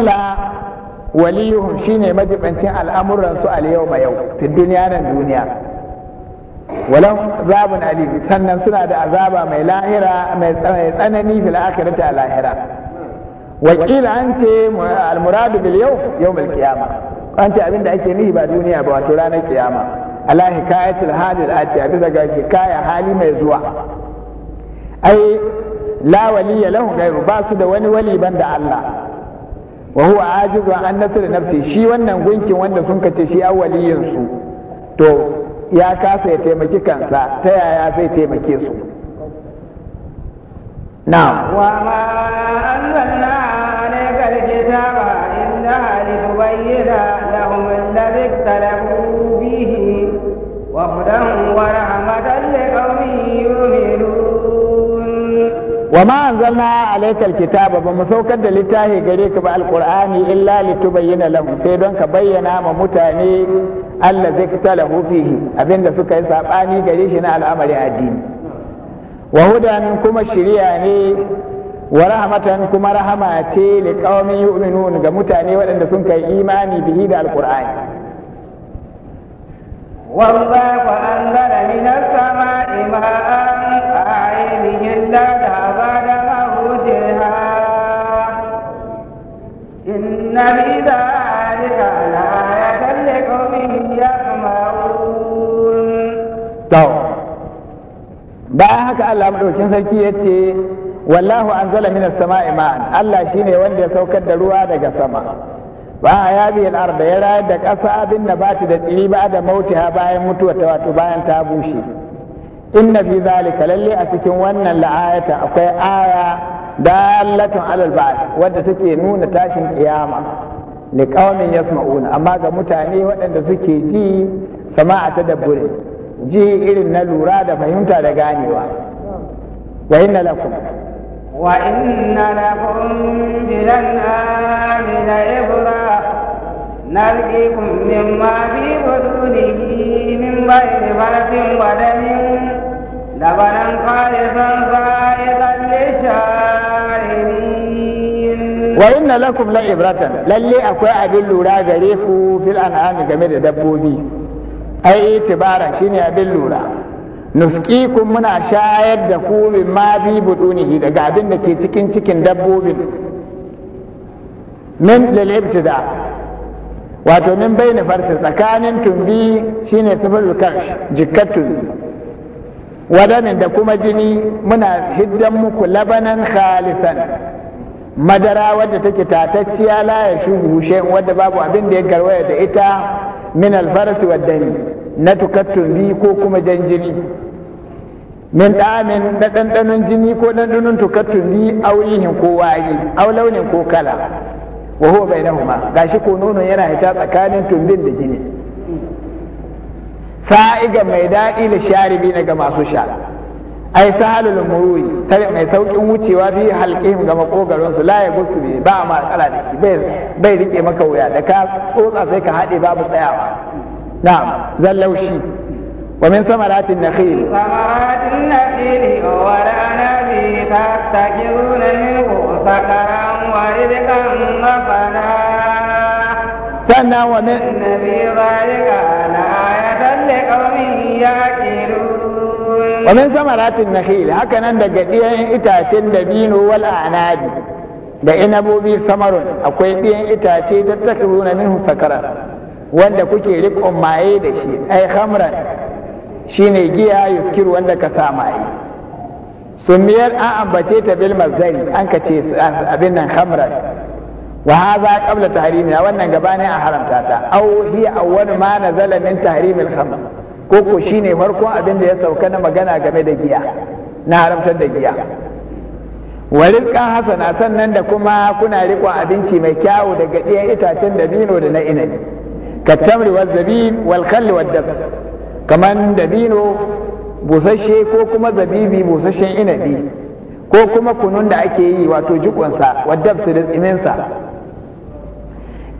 Illa waliyuhum shine majibancin al'amuran su al yau yau fi duniya nan duniya walau zabun alim sannan suna da azaba mai lahira mai tsanani fil akhirati al lahira wa qila ante al muradu bil yau yawm al qiyama an ce abinda ake nufi ba duniya ba wato ranar kiyama ala hadil ati atiya bisa ga kaya hali mai zuwa ai la waliya lahu gairu ba su da wani wali banda Allah wa huwa ajizu an nasr nafsi shi wannan gunkin wanda sun kace shi awaliyin su to ya kasa ya taimaki kansa ta yaya zai taimake su na'am wa ma anzalna alayka alkitaba illa litubayyana lahum alladhi ikhtalafu fihi wa hudan wa rahmatan liqaumin yu'minun wa ma anzalna alaikal kitaba ba mu saukar da littafi gare ka ba alqur'ani illa litubayyana lahum sai don ka bayyana ma mutane Allah zai kita lahu fihi abinda suka yi sabani gare shi na al'amari addini wa hudan kuma shiriya ne wa rahmatan kuma rahama ce li qaumin yu'minun ga mutane waɗanda sun kai imani bihi da alqur'ani والله أنزل من السماء ماء فأحيا به bayan haka Allah madaukin sarki ya ce wallahu anzala minas sama'i ma'an Allah shine wanda ya saukar da ruwa daga sama ba ya bi al ya rayar da ƙasa bin nabati da tsiri ba da mautiha bayan mutuwa ta wato bayan ta bushe inna fi zalika lalle a cikin wannan la'ayata akwai aya dalatun alal ba'as wadda take nuna tashin kiyama li qaumin yasma'una amma ga mutane waɗanda suke ji sama'a ta dabbure ji irin na lura da fahimta da ganewa wa inna lakum wa inna lakum bil anami la ibra نلقيكم مما في بطونه من بين فرس ودم لبنا خالصا سائغا للشارب wa inna lakum la ibratan lalle akwai abin lura gare ku fil an'ami game da dabbobi ai itibara shine abin lura nusqikum muna shayar da ku ma bi budunihi daga abin da ke cikin cikin dabbobin min lil ibtida wato min bayna farsi tsakanin tumbi shine sifilul karsh jikkatun wadamin da kuma jini muna hiddan muku labanan khalisan madara wadda take tatacciya la ya shugu wadda babu abin da ya garwaya da ita min alfarasi wa na tukattun bi ko kuma jan jini min ɗamin na ɗanɗanon jini ko ɗanɗanon tukattun bi aulihin ko wari au launin ko kala wa huwa bainahuma gashi ko nono yana hita tsakanin tumbin da jini sa'iga mai daɗi da sharibi na ga masu sha ai sahalul muruj tare mai saukin wucewa bi halqihim ga makogaron su la ya gusu bi ba ma kala da shi bai bai rike maka wuya da ka tsotsa sai ka hade babu tsayawa na'am zallaushi wa min samaratin nakhil samaratin nakhil wa lanabi tastakiruna minhu sakaran wa rizqan masana sannan wa min nabi zalika la yadallu qawmin yaqi wa min samaratin nakhil haka nan daga ɗiyan itacen dabino wal anabi da inabobi samarun akwai ɗiyan itace ta takzuna minhu sakara wanda kuke riƙon maye da shi ai khamran shine giya yuskiru wanda ka sa maye sumiyar an ambace ta bilmas mazdari an ka ce abin nan khamran wa hadha qabla tahrimi wannan gabanin a haramta ta aw hiya awwal ma nazala min tahrimil khamr ko ko ne farkon abin da ya sauka na magana game da giya na haramtar da giya wa rizqan hasana sannan da kuma kuna riƙon abinci mai kyawu daga ɗiyan itacen dabino da na inabi tamri wa zabin wal wa dabs kaman dabino busasshe ko kuma zabibi busasshen inabi ko kuma kunun da ake yi wato jikonsa wa dabs da tsiminsa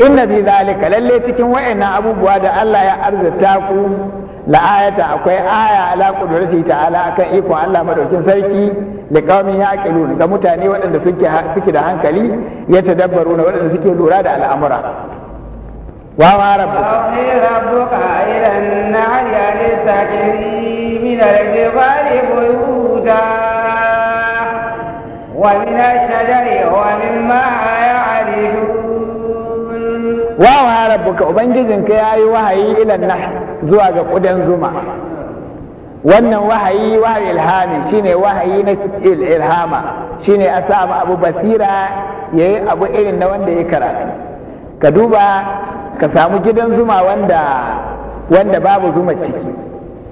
inna bi zalika lalle cikin wa'annan abubuwa da Allah ya arzuta ku la'ayata akwai aya ala qudrati ta'ala akan ikon Allah madaukin sarki li qaumin yaqilun ga mutane waɗanda suke da hankali ya tadabbaru na waɗanda suke lura da al'amura wa ma rabbuka rabbuka ila an-nar ya litajri min al-jibali buyuta wa min ash-shajari wa mimma ya'rifun wa ma ka ubangijinka ya yi wahayi ilan an zuwa ga ƙudan zuma wannan wahayi wa ilhami shine wahayi na ilhama shine a sa abu basira ya yi abu irin na wanda ya karatu ka duba ka samu gidan zuma wanda babu zuma ciki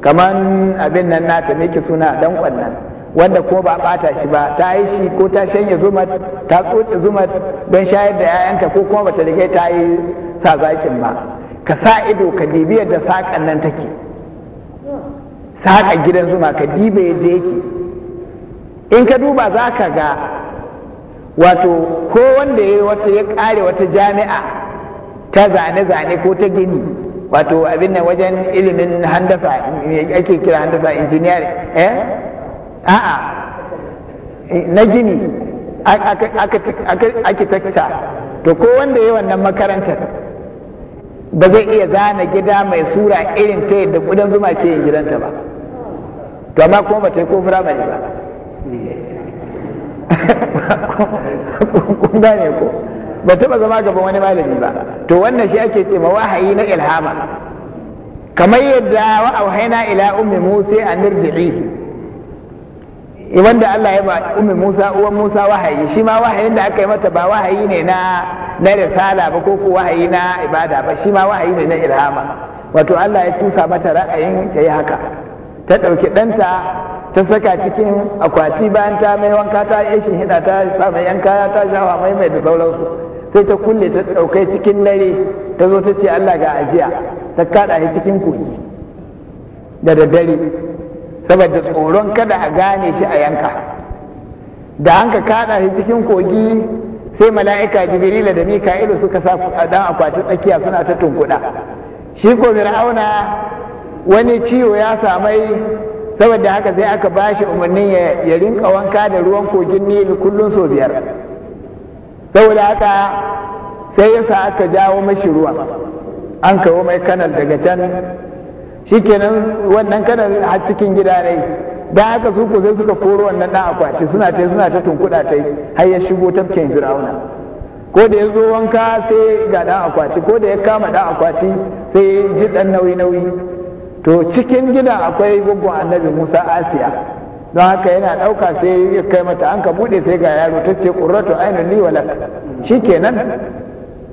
kamar abin nan nata miki suna dan kwannan wanda ko ba bata shi ba ta yi shi ko ta shanye zuma ta tsotse zuma don shayar da 'ya'yanta ko kuma bata riga ta yi sa zakin ba ka sa ido ka dibi yadda saƙan nan take saƙa gidan zuma ka dibe yadda yake in ka duba za ka ga wato ko wanda ya wata ya ƙare wata jami'a ta zane-zane ko ta gini wato abin nan wajen ilimin handasa ake kira handasa engineering eh a'a na gini aka takta to ko wanda ya wannan makarantar ba zai iya zana gida mai sura irin ta yadda ƙudan zuma ke yin gidanta ba to amma kuma ba ta yi ko firamare ba kun gane ko ba taɓa zama gaban wani malami ba to wannan shi ake ce ma wahayi na ilhama kamar yadda wa auhaina ila ummi musa an nirdi'i Eh, wanda Allah ya ba ummi Musa uwan Musa wahayi shi ma wahayin da aka yi mata ba wahayi ne na na risala ba ko ko wahayi na ibada ba shi ma wahayi ne na ilhama wato Allah ya tusa mata ra'ayin ta yi haka ta ɗauki ɗanta ta saka cikin akwati bayan ta mai wanka ta yi shi hida ta sa mai yan ta shawa mai mai da sauransu sai ta kulle ta ɗaukai cikin dare ta zo ta ce Allah ga ajiya ta kada shi cikin kogi da daddare saboda tsoron kada a gane shi a yanka da an ka kada shi cikin kogi sai mala'ika jibrila da mika'ilu suka sa dan akwatin tsakiya suna ta tunkuda shi ko fir'auna wani ciwo ya samai saboda haka sai aka bashi umarnin ya rinka wanka da ruwan kogin nil kullun so biyar saboda haka sai yasa aka jawo mashi ruwa an kawo mai kanal daga can shikenan wannan kana a cikin gida ne da haka su ko sai suka koro wannan dan akwati suna ta suna ta tunkuda tai har ya shigo tafkin firauna ko da ya zo wanka sai ga dan akwati ko da ya kama ɗan akwati sai ji dan nauyi nauyi to cikin gida akwai gugu annabi Musa Asiya don haka yana ɗauka sai ya kai mata an ka buɗe sai ga yaro ta ce ƙurratu ainihin liwalak shi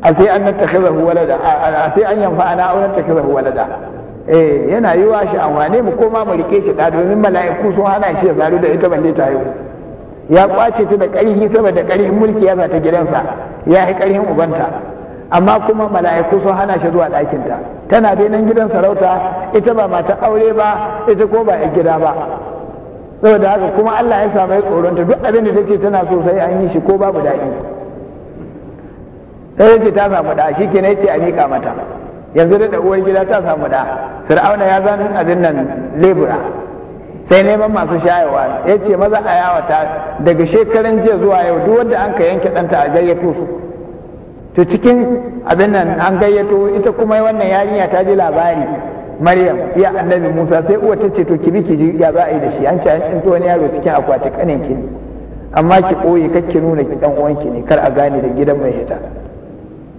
a sai an na ta walada a sai an yanfa ana auren ta walada eh yana yiwuwa shi amfani mu koma mu rike shi da domin mala'iku sun hana shi ya zaru da ita balle ta yau ya kwace ta da ƙarfi saboda ƙarfin mulki ya ta gidansa ya yi ƙarfin ubanta amma kuma mala'iku sun hana shi zuwa ta tana da nan gidan sarauta ita ba mata aure ba ita ko ba ya gida ba saboda haka kuma Allah ya samu ta duk abin da ta ce tana so sai an yi shi ko babu daɗi sai ta ce ta samu da shi ya ce a mika mata yanzu da uwar gida ta samu da fir'auna ya zan abin nan lebura sai neman masu shayarwa ya ce maza a yawata daga shekarun jiya zuwa yau duk wanda an ka yanke ɗanta a gayyato su to cikin abin nan an gayyato ita kuma wannan yarinya ta ji labari maryam ya annabi musa sai uwa ta ce to ki biki ji ya za a yi da shi an ce an cinto wani yaro cikin akwati kanin ki amma ki ɓoye kakki nuna ki dan uwanki ne kar a gane da gidan mai hita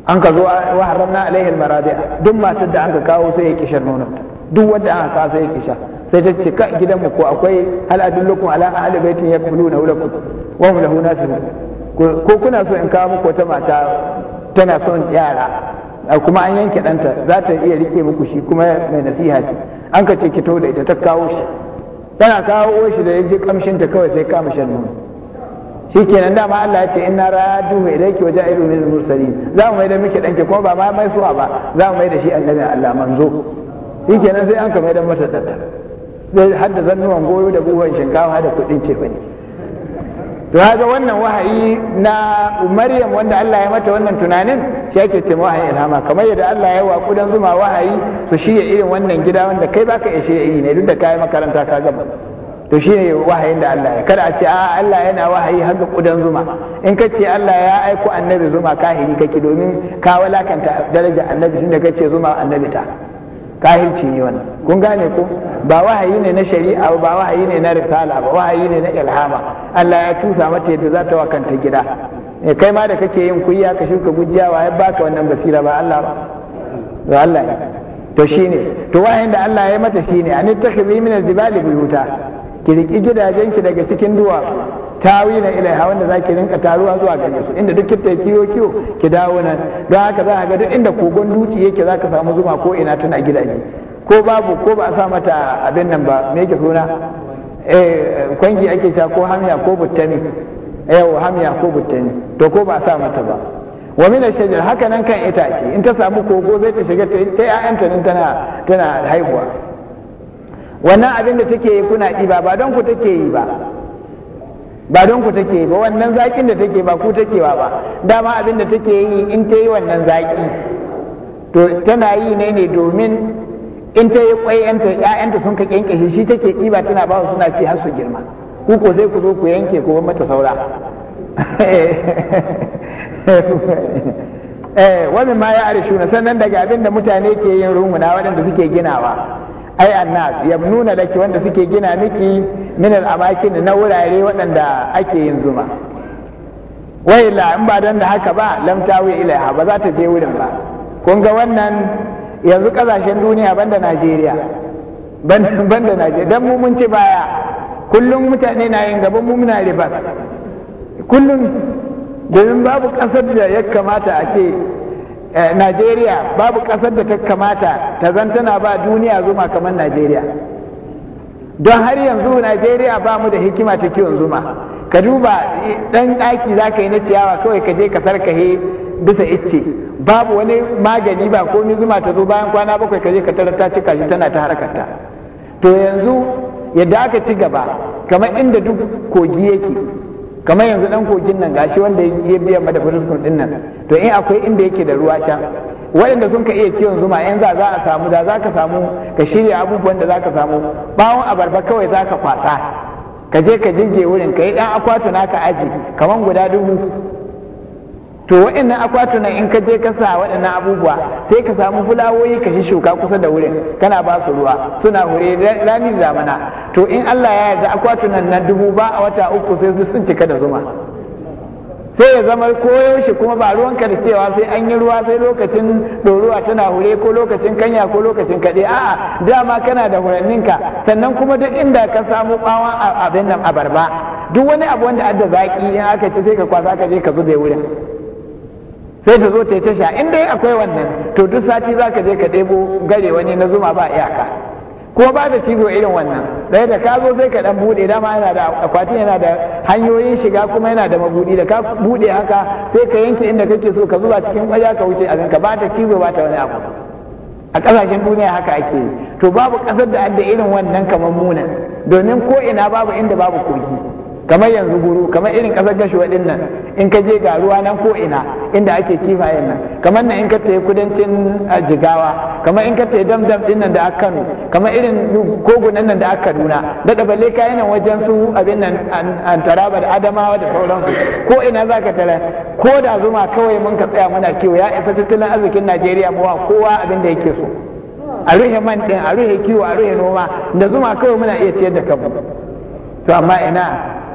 an ka zo wa haramna alaihi almaradi'a duk matar da an ka kawo sai ya kishar nonon duk wanda an ka sai ya kisha sai ta ce ka gidan mu ko akwai hal adullukum ala ahli baitin yaquluna lakum wa hum lahu nasihun ko kuna so in kawo muku wata mata tana son yara kuma an yanke ɗanta za ta iya rike muku shi kuma mai nasiha ce an ka ce ki da ita ta kawo shi tana kawo shi da ya ji kamshinta kawai sai kama shan nono shikenan dama Allah ya ce inna raduhu ilayki wa ja'ilu min al-mursalin za mu mai da miki danki kuma ba ma mai suwa ba za mu mai da shi annabi Allah manzo shikenan sai an ka mai da mata datta sai har da zannuwan goyo da buhun shinkafa da kudin cefane to haka wannan wahayi na Maryam wanda Allah ya mata wannan tunanin shi yake ce wahayi ilhama kamar yadda Allah ya wa kudan zuma wahayi su shirya irin wannan gida wanda kai baka iya shirya iri ne duk da kai makaranta ka gaba to shi ne wahayin da Allah ya kada a ce a Allah yana wahayi har ga kudan zuma in ka ce Allah ya aiko annabi zuma kahiri kake domin ka walakanta daraja annabi tunda kace zuma annabi ta kahirci ne wannan kun gane ko ba wahayi ne na shari'a ba wahayi ne na risala ba wahayi ne na ilhama Allah ya tusa mata yadda za ta wakanta gida eh, kai ma da kake yin kuyya ka shuka gujiya wa ya baka wannan basira ba Allah ba ga Allah ne to shine to wahayin da Allah ya mata shine an takhidhi min al-jibali buyuta ki riƙi gidajenki daga cikin duwatsu na ilaiha wanda za ki rinka taruwa zuwa gare su inda duk kitta kiyo kiyo ki dawo nan don haka za a ga duk inda kogon duci yake za ka samu zuma ko ina tana gidaje ko babu ko ba a sa mata abin nan ba me yake suna eh kwangi ake sha ko hamiya ko buttani eh hamiya ko buttani to ko ba a sa mata ba wa min shajar haka nan kan itace in ta samu kogo zai ta shiga ta 'ya'yanta nan tana tana haihuwa wannan abin da take yi kuna ɗiba ba don ku take yi ba ba don ku take yi ba wannan zaƙin da take ba ku take wa ba dama abin da take yi in ta yi wannan zaƙi to tana yi ne ne domin in ta yi ƙwayanta ƴaƴanta sun ka kyankyashe shi take ɗiba tana ba suna ci har su girma ku ko sai ku zo ku yanke ko mata saura eh wani ma ya arishuna sannan daga abin da mutane ke yin rumuna waɗanda suke ginawa ai annas yabnuna laki wanda suke gina miki min al-amakin na wurare waɗanda ake yin zuma wai la in ba don da haka ba lam tawi ilaiha ba za ta je wurin ba kun ga wannan yanzu kazashen duniya banda Najeriya banda Najeriya dan mu mun ci baya kullum mutane na yin gaban mu muna ribas kullum domin babu kasar da ya kamata a ce Eh, najeriya babu ƙasar da ta kamata ta zantana ba duniya zuma kamar Najeriya. don har yanzu najeriya ba mu da hikima ta kiwon zuma ka duba eh, ɗan ɗaki za ka yi na ciyawa kawai ka je ka sarkahe bisa icce babu wani magani ba ko zuma ta zo bayan kwana bakwai ka je ka tarar ta cika shi tana ta harkarta to yanzu yadda aka ci gaba kamar inda duk kogi yake kamar yanzu dan kogin nan gashi wanda ya biya mada firiskun din nan to in akwai inda yake da ruwa can waɗanda sun ka iya kiwon zuma yan za za a samu da za ka samu ka shirya abubuwan da za ka samu bawon abarba kawai za ka kwasa ka je ka jirge wurin ka yi dan akwatu naka aji kaman guda dubu to waɗannan akwatunan in ka je ka sa waɗannan abubuwa sai ka samu fulawoyi ka shuka kusa da wurin kana ba su ruwa suna hure rani da damana to in Allah ya yarda akwatunan na dubu ba a wata uku sai sun cika da zuma sai ya zama koyaushe kuma ba ruwan ka da cewa sai an yi ruwa sai lokacin ɗoruwa tana hure ko lokacin kanya ko lokacin kaɗe a'a dama kana da huranninka sannan kuma duk inda ka samu ɓawon abin nan abarba duk wani abu wanda adda zaƙi in aka ci sai ka kwasa ka je ka zube wurin sai ta zo ta yi tasha in dai akwai wannan to duk sati za ka je ka ɗebo gare wani na zuma ba iyaka ko ba da cizo irin wannan ɗaya da ka zo sai ka ɗan buɗe dama yana da akwatin yana da hanyoyin shiga kuma yana da mabuɗi da ka buɗe haka sai ka yanke inda kake so ka zuba cikin ƙwarya ka wuce abin ka ba da cizo ba ta wani abu a ƙasashen duniya haka ake yi to babu ƙasar da adda irin wannan kamar muna domin ko ina babu inda babu kogi kamar yanzu guru kamar irin kasar gashi din nan in ka je ga ruwa nan ko ina inda ake kifayen nan kamar nan in ka taya kudancin jigawa kamar in ka taya damdam din nan da aka kano kamar irin kogunan nan da aka kaduna da balle kayanan nan wajen su abin nan an taraba da adamawa da sauransu ko ina za ka tara ko da zuma kawai mun ka tsaya muna kiwo ya isa tattalin arzikin najeriya mawa kowa abin da yake so a ruhe man din a ruhe kiwo a ruhe noma da zuma kawai muna iya ciyar da kanmu to amma ina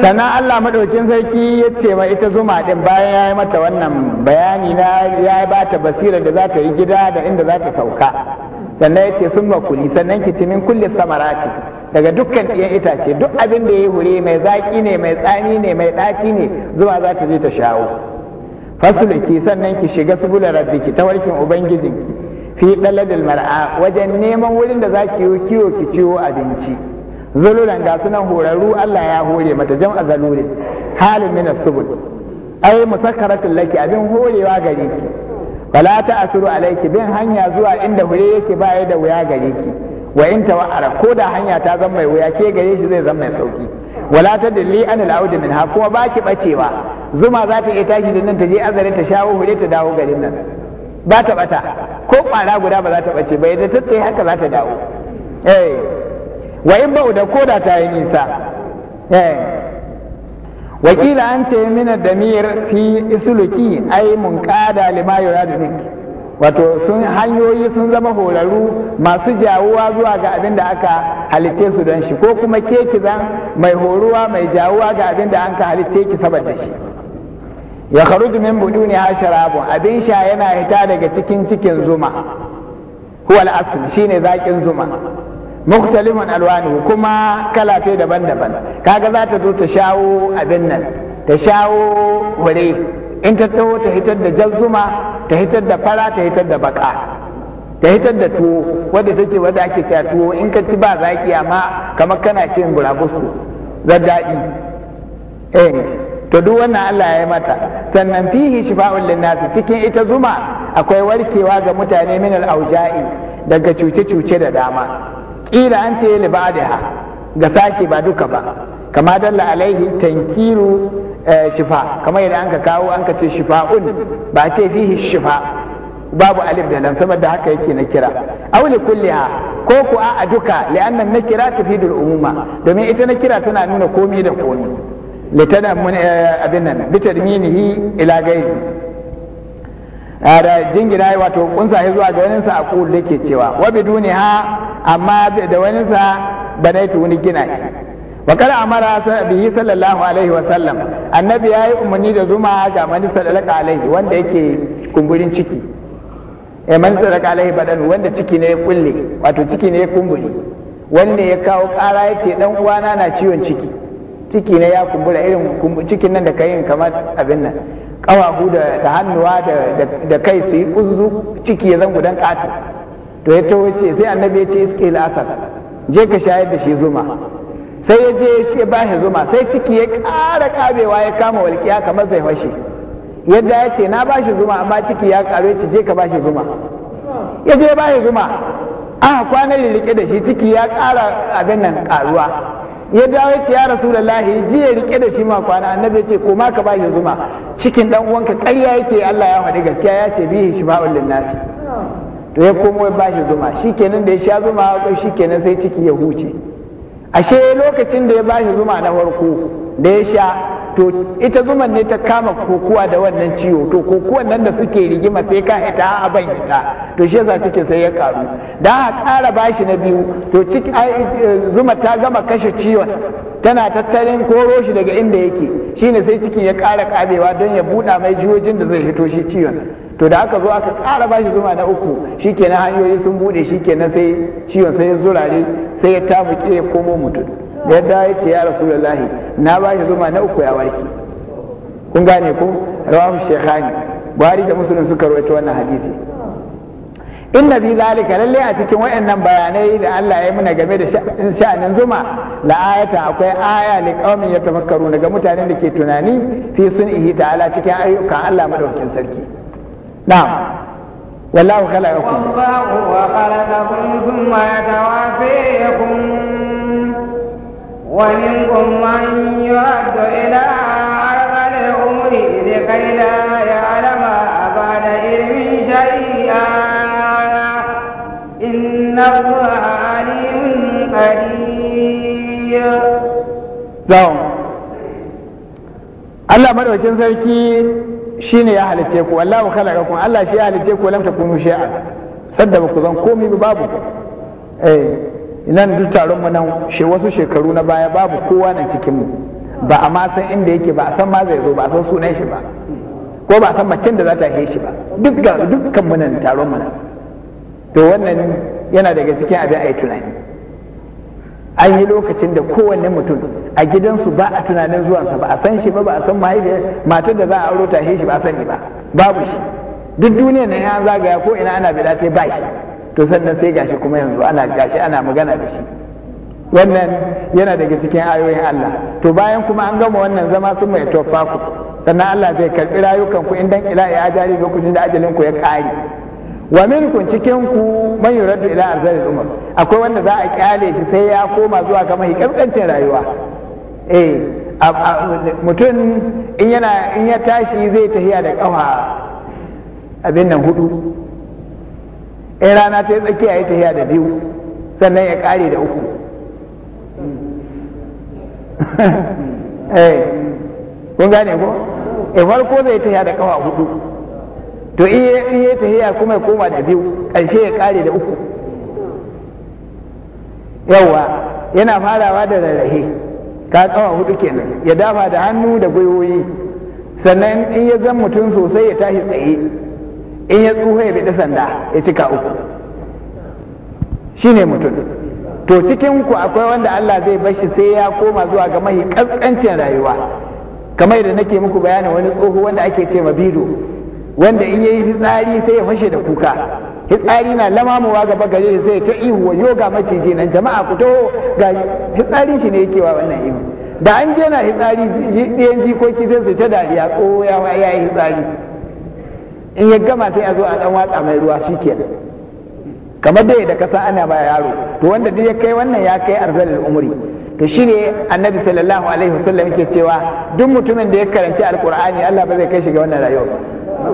sannan Allah madaukin sarki ya ce ma ita zuma din bayan ya yi mata wannan bayani na ya ba ta basira da za ta yi gida da inda za ta sauka sannan ya ce sun makuli sannan ki cimin kulle samarati daga dukkan ɗiyan itace duk abin da ya hure mai zaƙi ne mai tsami ne mai ɗaci ne zuma za ta je ta shawo fasulki sannan ki shiga subular rabbiki ta warkin ubangijinki fi dalabil mar'a wajen neman wurin da za ki yi kiwo ki ciwo abinci zululan ga sunan horarru Allah ya hore mata jam'a zalulin halin min subul ai musakkaratul laki abin horewa gare ki fala ta asiru alaiki bin hanya zuwa inda hure yake bayar da wuya gare ki wa in wa'ara ko da hanya ta zama mai wuya ke gare shi zai zama mai sauki wala ta dalli an al'audi min ha kuma baki bacewa zuma za ta iya tashi da nan ta je azare ta shawo hure ta dawo garin nan ba ta bata ko kwara guda ba za ta bace ba idan ta haka za ta dawo eh wa in ba'u da koda ta yi nisa eh. wakila an ce mina damir fi isuluki ai mun kada lima yuradu minki wato sun hanyoyi sun zama horaru masu jawuwa zuwa ga abin da aka halitte su don shi ko kuma keki zan mai horuwa mai jawuwa ga abin da an ka halitte ki saboda shi ya kharuju min buduni ha sharabun abin sha yana hita daga cikin cikin zuma huwa al shine zakin zuma muktalifan alwanu kuma kala ta daban-daban kaga za ta zo ta shawo abin nan ta shawo wuri in ta taho ta hitar da jazzuma ta hitar da fara ta hitar da baka ta hitar da tuwo wadda take wadda ake cewa tuwo in ka ci ba zaki amma kamar kana cin burabusku, zan daɗi eh to duk wannan Allah ya yi mata sannan fihi shifa'ul linnasi cikin ita zuma akwai warkewa ga mutane min al-auja'i daga cuce-cuce da dama ƙila an ce li ba'daha ga sashi ba duka ba kama dalla alaihi tankiru eh, shifa kamar yadda anka kawo anka ce shifa'un ba ce fihi shifa' babu alif da lam saboda da haka yake na kira auli kulliha ko ku a duka li'anna na kira tufidul umuma domin ita na kira tana nuna komi da komi litana eh, abin nan bitadminihi ila gaizi da jingina ya wato kunsa ya zuwa ga waninsa a kulu da ke cewa wa biduni ha amma da wani sa waninsa yi wani gina shi wa kada amara bihi sallallahu alaihi wa sallam annabi yayi umarni da zuma ga mani sallallahu alaihi wanda yake kumburin ciki ya eh, mani sallallahu alaihi badan wanda ciki ne ya kulle wato ciki ne ya kumburi wani ne ya kawo kara yace dan uwana na ciwon ciki ciki ne ya kumbura irin cikin nan da kayin kamar abin nan ƙawahu da hannuwa da kai su yi kuzu ciki ya zan gudan ƙato to ya tawo ce sai annabi ya ce iske asar, je ka shayar da shi zuma sai ya je shi ba shi zuma sai ciki ya ƙara kabewa ya kama walƙiya kamar zai fashe yadda ya ce na ba shi zuma amma ciki ya ƙaru ce je ka ba shi zuma ya je ba shi zuma aka kwana liliƙe da shi ciki ya kara abin nan karuwa ya dawo ya rasu da rasulullahi ji ya rike da shi ma kwana annabi ya ce ko ma ka ba shi zuma cikin dan uwanka ƙarya yake Allah ya faɗi gaskiya ya ce bihi shifa'ul linnasi to ya komo ya ba shi zuma shikenan da ya sha zuma ko shikenan sai ciki ya huce ashe lokacin da ya ba shi zuma na farko da ya sha to ita zuman ne ta kama kokuwa da wannan ciwo to kokuwan nan da suke rigima sai ka ita a ban hita to shi yasa cikin sai ya karu da a ƙara bashi na biyu to ciki zuma ta gama kashe ciwon tana tattalin koro shi daga inda yake shine sai cikin ya kara kabewa don ya buɗa mai jiwojin da zai fito shi ciwon to da aka zo aka kara bashi zuma na uku shikenan hanyoyi sun buɗe shikenan sai ciwon sai ya zurare sai ya tabuke ya komo mutum yadda ya ce ya rasu lallahi na ba shi zuma na uku ya warke kun gane ko rawahu shekhani buhari da musulun suka roci wannan hadisi inna bi zalika lalle a cikin wayannan bayanai da Allah ya muna game da sha'anin zuma la ayata akwai aya li qaumi yatafakkaru daga mutanen da ke tunani fi sunihi ta'ala cikin ayyukan Allah madaukakin sarki na'am wallahu khalaqakum wa khalaqakum thumma yatawafiyakum ومنكم من يرد إلى أرض العمر لكي لا يعلم بعد علم شيئا إن الله عليم قدير Allah madaukin sarki shine ya halice ku wallahu khalaqakum Allah shi ya halice ku lam takunu shay'an sadda ba ku zan komai babu eh nan duk taron mu nan she wasu shekaru na baya babu kowa nan cikin mu ba a ma san inda yake ba a san ma zai zo ba a san sunan shi ba ko ba a san macen da za ta haife shi ba duk dukkan mu nan taron mu nan to wannan yana daga cikin abin ayi tunani an yi lokacin da kowanne mutum a gidansu ba a tunanin zuwansa ba a san shi ba ba a san mahaifiyar matar da za a auro ta shi ba a sani ba babu shi duk duniya na ya zagaya ko ina ana bida ta ba shi to sannan sai gashi kuma yanzu ana gashi ana magana da shi wannan yana daga cikin ayoyin Allah to bayan kuma an gama wannan zama sun mai tofa ku sannan Allah zai karbi rayukan ku indan ila ya ajali ku da ajalin ku ya kare wa minkum cikin ku man yuraddu ila arzalil umar akwai wanda za a kyale shi sai ya koma zuwa ga mai kankancin rayuwa eh mutum in yana in ya tashi zai tahiya da kafa abin nan hudu in rana ta yi tsakiya ya tahiya da biyu sannan ya kare da uku eh kun gane ko e farko zai tahiya da kafa hudu to in ya tahiya kuma ya koma da biyu ƙarshe ya kare da uku yawa yana farawa da rarrahe ka kawa hudu kenan ya dafa da hannu da gwiwoyi sannan in ya zan mutum sosai ya tashi tsaye in ya tsufa ya bi sanda ya cika uku shine mutum to cikin ku akwai wanda Allah zai bashi sai ya koma zuwa ga mahi kaskancin rayuwa kamar da nake muku bayanin wani tsoho wanda ake ce ma bido wanda in yayi fitsari sai ya fashe da kuka fitsari na lamamuwa gaba gare zai ta ihu wa yoga maciji nan jama'a ku taho ga fitsari shi ne yake wa wannan ihu da an je na fitsari ɗiyan jikoki zai su ta dariya tsoho ya yi fitsari in ya gama sai a zo a dan watsa mai ruwa shi kenan kamar dai da kasa ana ba yaro to wanda duk ya kai wannan ya kai arzalul umri to shine annabi sallallahu alaihi wasallam yake cewa duk mutumin da ya karanci alqur'ani Allah ba zai kai shi ga wannan rayuwa ba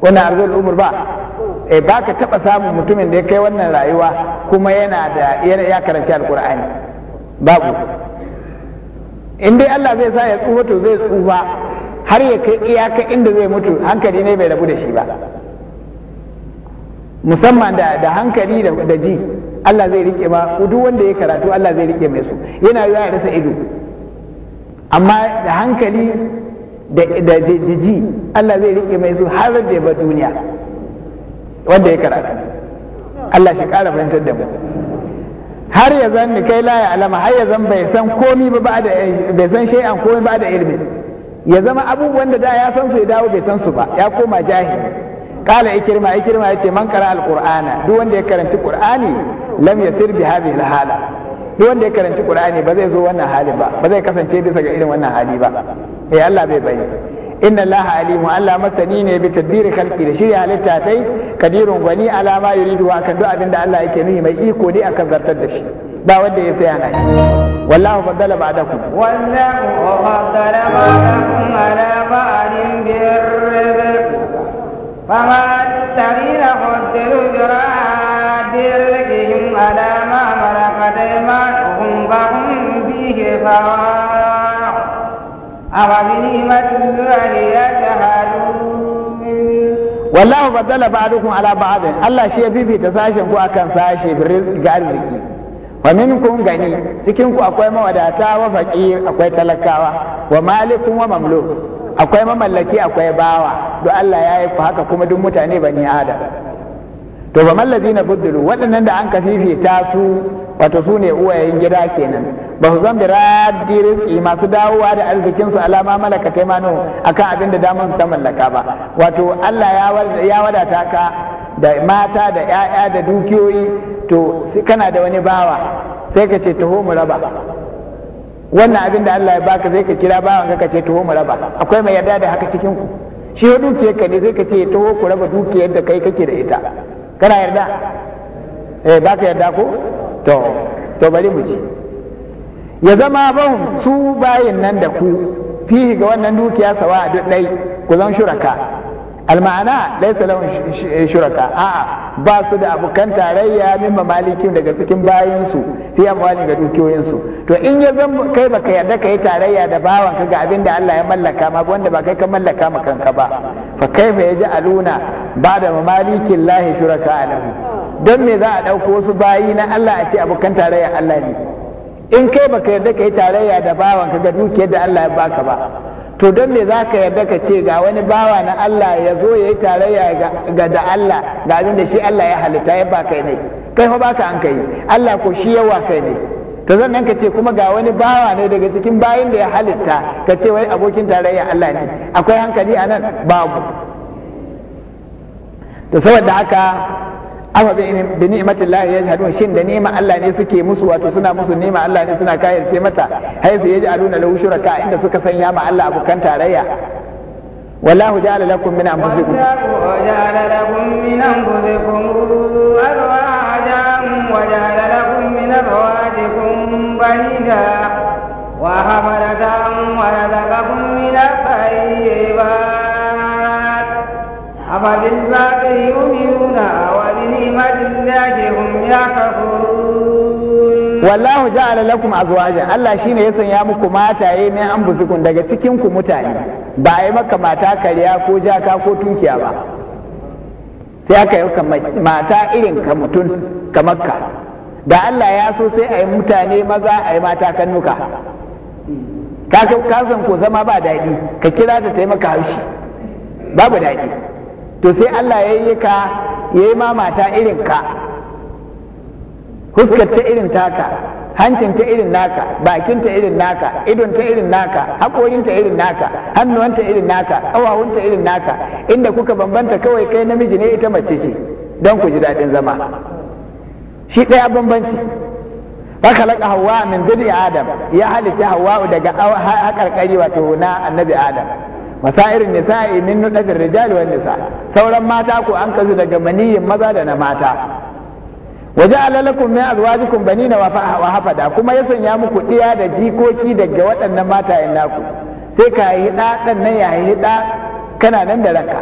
wannan arzal umur ba eh baka taba samun mutumin da ya kai wannan rayuwa kuma yana da ya karanci alqur'ani babu in dai Allah zai sa ya tsufa to zai tsufa har ya kai iyaka inda zai mutu hankali ne bai rabu da shi ba musamman da da hankali da, da ji Allah zai rike ma duk wanda ya karatu Allah zai rike mai su yana yi ya rasa ido amma da hankali da da, ji Allah zai rike mai su har da ba duniya wanda ya karatu Allah shi kara fahimtar da mu har ya zanni kai la ya alama har ya zan bai san komai ba da bai san shay'an komai ba da ilmi ya zama abubuwan da da ya san su ya dawo bai san su ba ya koma jahili kala ikirma ikirma yace man kara alqur'ana duk wanda ya karanci qur'ani lam yasir bi hadhihi alhala duk wanda ya karanci qur'ani ba zai zo wannan hali ba ba zai kasance bisa ga irin wannan hali ba eh Allah bai bari inna allaha alimu allah masani ne bi tadbiri khalqi da shirya halitta tai kadirun gwani ala ma yuridu duk abinda Allah yake nuhi mai iko ne akan zartar da shi ba wanda ya saya na shi والله فضل بعدكم والله فضل بعدكم على بعد بالرزق فما الذين فضلوا براد رزقهم على ما ملكت ايمانهم فهم فيه سواء أفبنعمة الله يجهلون والله فضل بعدكم على بعض الله شيء بيبي تساشن كو أكن ساشي بالرزق كأرزقي wa minkum gani cikin ku akwai mawadata wa faqir akwai talakawa wa malikun wa mamluk akwai mamallaki akwai bawa do Allah ya yi ku haka kuma duk mutane bani adam to ba mallazina buddulu wadannan da an ta su wato su ne uwayen gida kenan ba su zan raddi rizki masu dawowa da arzikin su alama malaka taimano akan abin da damar su ta mallaka ba wato Allah ya wadata ka da mata da 'ya'ya da dukiyoyi to kana da wani bawa sai ka ce taho mu raba wannan abin da Allah ya baka sai ka kira bawan ka ce taho mu raba akwai mai yarda da haka cikin ku shi ya duke ka ne sai ka ce taho ku raba dukiyar da kai kake da ita kana yarda eh baka yarda ko to to bari mu ji ya zama bahum su bayin nan da ku fihi ga wannan dukiya sawa duk dai ku zan shuraka alma'ana laisa lahum shuraka a'a ba su da abokan tarayya min mamalikin daga cikin bayansu fi amwali ga dukiyoyinsu to in ya zan kai baka yarda kai tarayya da bawan ka ga abin da Allah ya mallaka ma wanda ba kai ka mallaka ma kanka ba fa kaifa yaj'aluna ba'da mamalikin lahi shuraka alahu don me za a dauko wasu bayi na Allah a ce abokan tarayya Allah ne in kai baka yarda kai tarayya da bawan ka ga dukiyar da Allah ya baka ba to don me za ka yarda ka ce ga wani bawa na Allah ya zo ya yi tarayya ga da Allah ga abin da shi Allah ya halitta ya ba kai ne kai ba baka an kai Allah ko shi yawa kai ne to zan nan ka ce kuma ga wani bawa ne daga cikin bayin da ya halitta ka ce wai abokin tarayya Allah ne akwai hankali a nan babu to saboda haka awa bi ni'matillahi yajhadun shin da ni'ma Allah ne suke musu wato suna musu ni'ma Allah ne suna kayarce mata hay su yaj'aluna lahu shuraka inda suka sanya ma Allah abokan tarayya wallahu ja'ala lakum min anfusikum ja'ala lakum min anfusikum azwajan wa ja'ala lakum min azwajikum banina wa hamalatan wa razaqakum min at-tayyibat أفبالباطل يؤمنون Wallahu الله هم يعرفون والله جعل لكم أزواجا الله شيء يسن يا مكو ماتاي daga cikin ku mutane ba ai maka mata kariya ko jaka ko tunkiya ba sai aka yi mata irin ka mutum ka da Allah ya so sai a yi mutane maza a yi mata kannuka ka kasan ko zama ba daɗi ka kira ta taimaka haushi babu daɗi to sai Allah ya yi ka ya yi mamata irin ka huskar ta irin taka hancin ta irin naka bakin ta irin naka idon ta irin naka haƙorin ta irin naka hannuwan ta irin naka ƙawawun ta irin naka inda kuka bambanta kawai kai namiji ne ita mace ce don ku ji daɗin zama shi ɗaya bambanci fakalaka hawa min bini adam ya halitta hawa daga haƙarƙari wato na annabi adam masairin nisa'i min nudafin rijal wan nisa sauran mata ko an kazu daga maniyin maza da na mata waje lakum min azwajikum banina wa hafada kuma ya sanya muku ɗiya da jikoki daga waɗannan yan naku sai ka yi ɗa ɗan nan ya yi ɗa kana nan da ranka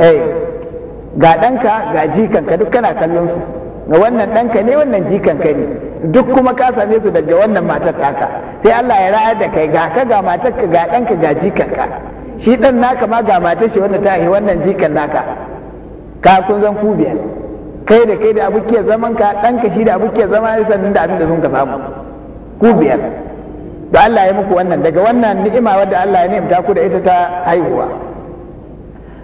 eh ga ɗanka ga jikanka duk kana kallon su ga wannan ɗanka ne wannan jikanka ne duk kuma ka same su daga wannan matar taka sai Allah ya ra'ayar da kai ga ka ga matarka ga ɗanka ga jikanka shi ɗan naka ma ga matar shi wannan ta wannan jikan naka ka kun zan ku biyar kai da kai da abukiyar zaman ka dan ka shi da abukiyar zama ne sannan da abin da sun ka samu ku biyar da Allah ya muku wannan daga wannan ni'ima wadda Allah ya ni'imta ku da ita ta haihuwa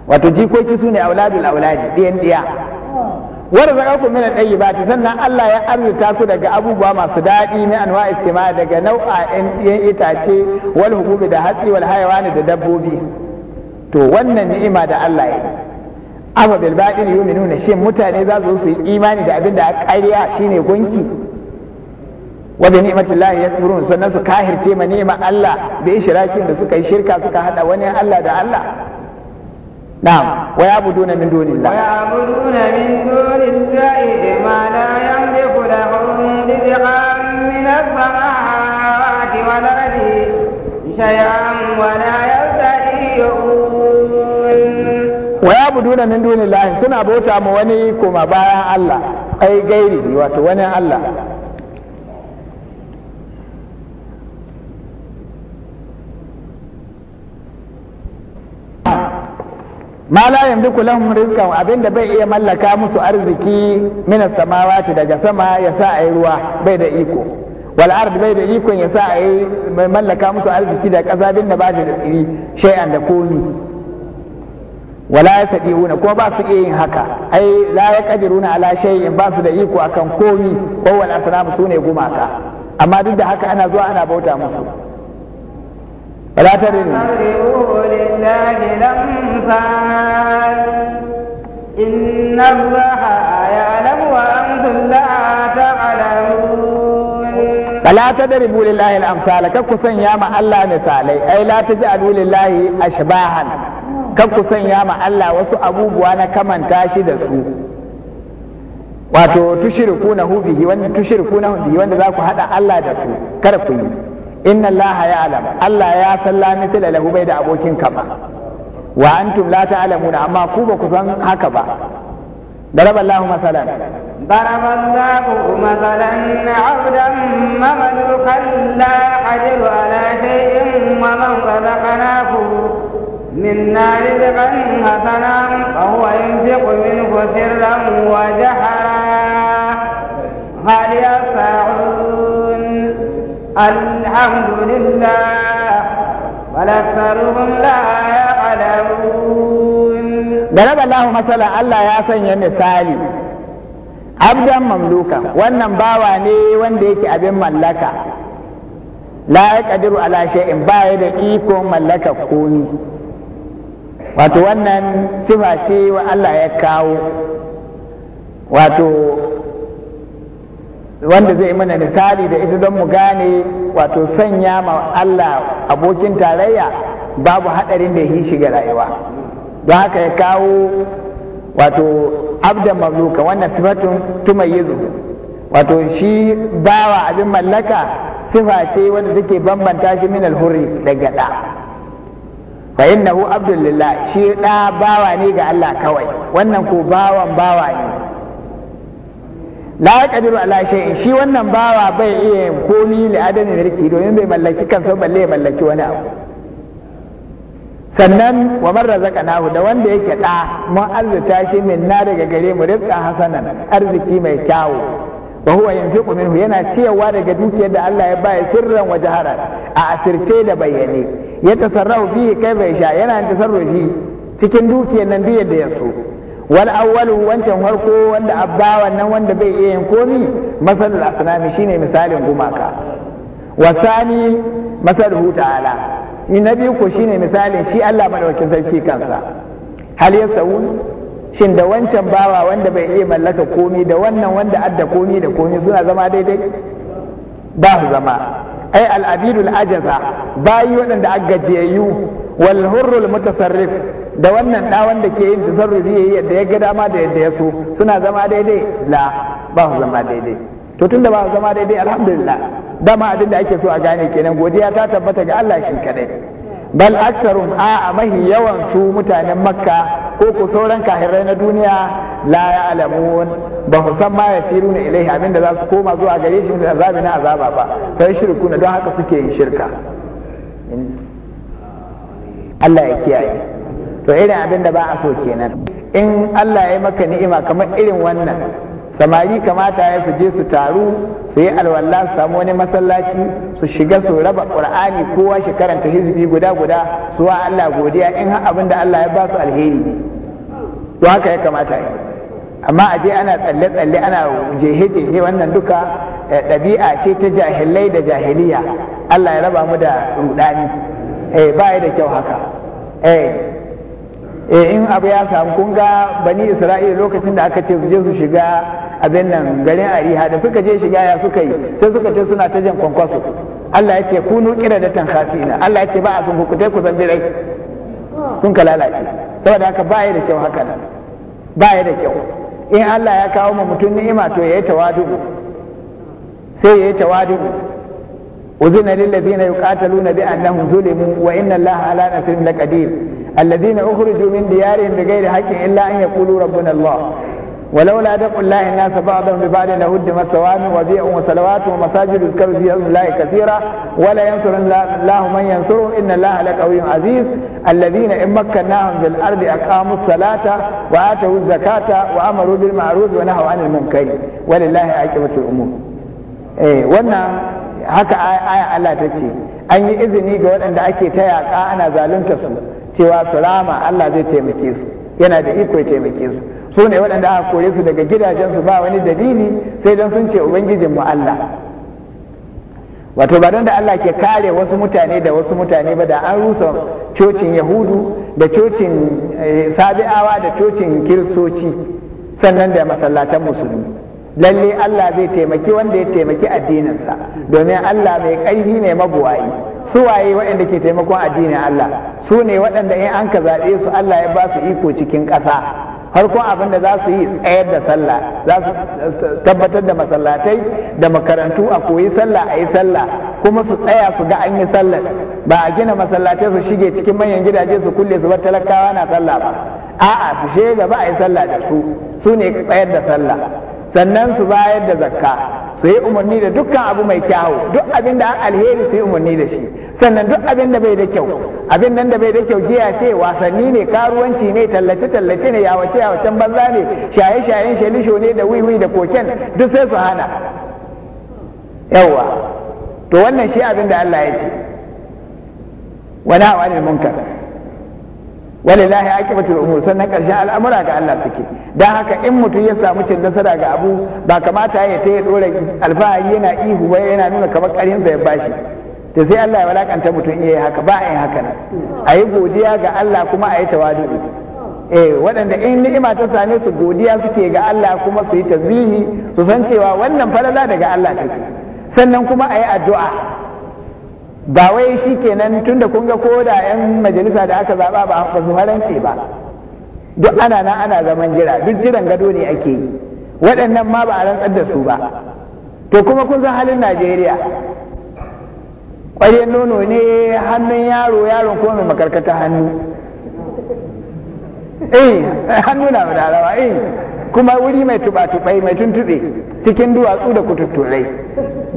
wato jikoki su ne auladul auladi ɗiyan ɗiya wanda min ku mina ɗayi ba ta sannan Allah ya arzuta ku daga abubuwa masu daɗi mai anwa istima daga nau'a ɗan itace wal hukubi da hatsi wal hayawani da dabbobi to wannan ni'ima da Allah ya yi afa bil batil yu'minuna shin mutane za su yi imani da abin da ƙarya shine gunki wa bi ya yakfurun sannan su kahirce ma nima Allah bi ishrakin da suka yi shirka suka hada wani Allah da Allah نعم ويعبدون من دون الله ويعبدون من دون الله ما لا يملك لهم رزقا من السماوات والارض شيئا ولا يستطيعون ويعبدون من دون الله سنة بوتا موني كما بايا الله اي غيره واتو وني الله ma la yamliku lahum rizqan abinda bai iya mallaka musu arziki min samawati daga sama ya sa ayi ruwa bai da iko wal ard bai da ikon ya sa ayi mallaka musu arziki da kaza abinda ba da tsiri shay'an da komi wala yasdiuna kuma ba su iya yin haka ai la yaqdiruna ala shay'in ba su da iko akan komi ko wal asnam sune gumaka amma duk da haka ana zuwa ana bauta musu ولا تضربوا لله الأمثال إن الله يعلم وأنتم لا تعلمون فلا تضربوا لله الأمثال ككسن يا ما الله مثالي أي لا تجعلوا لله أشباها ككسن يا ما الله وسو أبوب وأنا كمن تاشد سوء wato tushirku na bihi wanda tushirku na bihi wanda za ku haɗa Allah da su kada ku yi inna allaha ya'lam Allah ya san la mithla bai da abokin kama wa antum la ta'lamuna amma ku ba ku san haka ba ضرب الله مثلا ضرب الله مثلا عبدا مملوكا لا قدر على شيء ومن رزقناه منا رزقا حسنا فهو ينفق منه سرا وجهرا الحمد لله بل أكثرهم لا يعلمون ضرب الله مثلا الله يا مثالي abdan mamluka wannan bawa ne wanda yake abin mallaka la ya kadiru ala shay'in baya da iko mallaka komi wato wannan sifa ce wa Allah ya kawo wato wanda zai mana misali da ita don mu gane wato sanya ma Allah abokin tarayya babu hadarin da yi shiga rayuwa don haka ya kawo wato abda mamluka wannan sifatun tumayyizu wato shi bawa abin mallaka sifa ce wanda take bambanta shi min alhurri daga da fa innahu shi ɗa bawa ne ga Allah kawai wannan ko bawan bawa ne la kadiru ala shay'in shi wannan bawa bai iya yin komi li da riki domin bai mallaki kansa balle mallaki wani abu sannan wa man razaqnahu da wanda yake da mun arzuta shi min na daga gare mu rizqa hasanan arziki mai kyawu wa huwa yanfiqu minhu yana ciyawa daga dukiyar da Allah ya baya sirran wa jaharan a asirce da bayyane ya tasarrafu bihi kai bai sha yana tasarrufi cikin dukiyar nan duk yadda ya so wal awwalu wancan farko wanda abba wannan wanda bai iya yin komi masalul asnami shine misalin gumaka wasani masalul ta'ala ni nabi ko shine misalin shi Allah madaukakin sarki kansa hal yasawun shin da wancan bawa wanda bai iya mallaka komi da wannan wanda adda komi da komi suna zama daidai ba su zama ai al abidul ajaza bayi waɗanda gajiyayyu. wal hurrul mutasarrif da wannan da wanda ke yin tasarrufi yayi yadda ya ga dama da yadda ya so suna zama daidai la ba su zama daidai to tunda ba su zama daidai alhamdulillah dama abin da ake so a gane kenan godiya ta tabbata ga Allah shi kadai bal aktsarum a mahi yawan su mutanen makka ko ku sauran kahirai na duniya la ya'lamun ba su san ma ya tiru na ilaihi abin da za su koma zuwa gare shi da azabi na azaba ba kai shirku ne don haka suke yin shirka Allah ya kiyaye to irin abin da ba a so kenan in Allah ya maka ni'ima kamar irin wannan samari kamata ya su je su taru su yi alwala su samu wani masallaci su shiga su raba qur'ani kowa shi karanta hizbi guda guda su wa Allah godiya in abin da Allah ya ba su alheri ne to haka ya kamata yi amma a je ana tsalle tsalle ana jehe jehe wannan duka eh, ɗabi'a ce ta jahilai da jahiliya Allah ya raba mu da rudani eh ba da kyau haka eh, eh in abu ya samu kun ga bani isra'ila lokacin da aka ce su je su shiga abin nan garin ariha da suka je shiga ya suka yi sai suka ce suna ta jan kwankwaso Allah ya ce kunu tan khasina Allah ya ce ba a sun ku ku rai sun ka lalace saboda haka ba ya da kyau haka nan ba ya da kyau in Allah ya kawo ma mutum ni'ima to yayi tawadu sai yayi tawadu uzina lil ladzina yuqataluna bi annahum zulimu wa inna Allaha ala nasrin laqadir alladhina ukhriju min diyarihim bighairi haqqin illa an yaqulu rabbuna Allah ولولا دفع الله الناس بعضهم ببعض لهدمت صوامع وبيع وصلوات ومساجد يذكر فيها اسم الله كثيرا ولا ينصر الله من ينصره ان الله لقوي عزيز الذين ان مكناهم في الارض اقاموا الصلاه واتوا الزكاه وامروا بالمعروف ونهوا عن المنكر ولله عاقبه الامور. ايه وانا haka aya Allah ta ce an yi izini ga waɗanda ake ta yaƙa ana zalunta su cewa su rama Allah zai taimake su yana da iko ya taimake su su ne waɗanda aka kore su daga gidajensu ba wani dalili sai don sun ce ubangijin mu Allah wato ba don da Allah ke kare wasu mutane da wasu mutane ba da an rusa cocin yahudu da cocin eh, sabi'awa da cocin kiristoci sannan da masallatan musulmi lalle Allah zai taimaki wanda ya taimaki addininsa domin Allah mai ƙarfi ne mabuwa'i. su waye waɗanda ke taimakon addinin Allah su ne waɗanda in an ka zaɓe su Allah ya ba su iko cikin ƙasa Har kun abin da za su yi tsayar da sallah za su tabbatar da masallatai da makarantu a koyi sallah a yi sallah kuma su tsaya su ga an yi sallah ba a gina masallatai su shige cikin manyan gidaje su kulle su bar talakawa na sallah ba a'a su shiga gaba a yi sallah da su su ne tsayar da sallah sannan su bayar da zakka su yi umarni da dukkan abu mai kyawu duk abin da an alheri su yi umarni da shi sannan duk abin da bai da kyau abin nan da bai da kyau giya ce wasanni ne karuwanci ne tallace tallace ne yawace yawacen banza ne shaye shayen shelisho ne da wiwi da koken duk sai su hana yawa to wannan shi abin da Allah ya ce wala wa'anil munkar walillahi aqibatul umur sannan karshen al'amura ga Allah suke dan haka in mutum ya samu cin nasara ga abu ba kamata ya ta ya dora alfahari yana ihu ba yana nuna kamar karin ya bashi to sai Allah ya walakanta mutum iya haka ba a yi haka nan a yi godiya ga Allah kuma a yi tawadu eh waɗanda in ni'ima ta same su godiya suke ga Allah kuma su yi tasbihi su san cewa wannan falala daga Allah take sannan kuma a yi addu'a ba wai shi kenan tunda kun ga ko da 'yan majalisa da aka zaba ba su farance ba duk ana na ana zaman jira duk jiran gado ne ake yi waɗannan ma ba a rantsar da su ba to kuma kun san halin najeriya ƙwaryen nono ne hannun yaro yaron ko mai makarkata hannu eh hannu na da rawa eh kuma wuri mai tuba-tubai mai tuntube cikin duwatsu da kututturai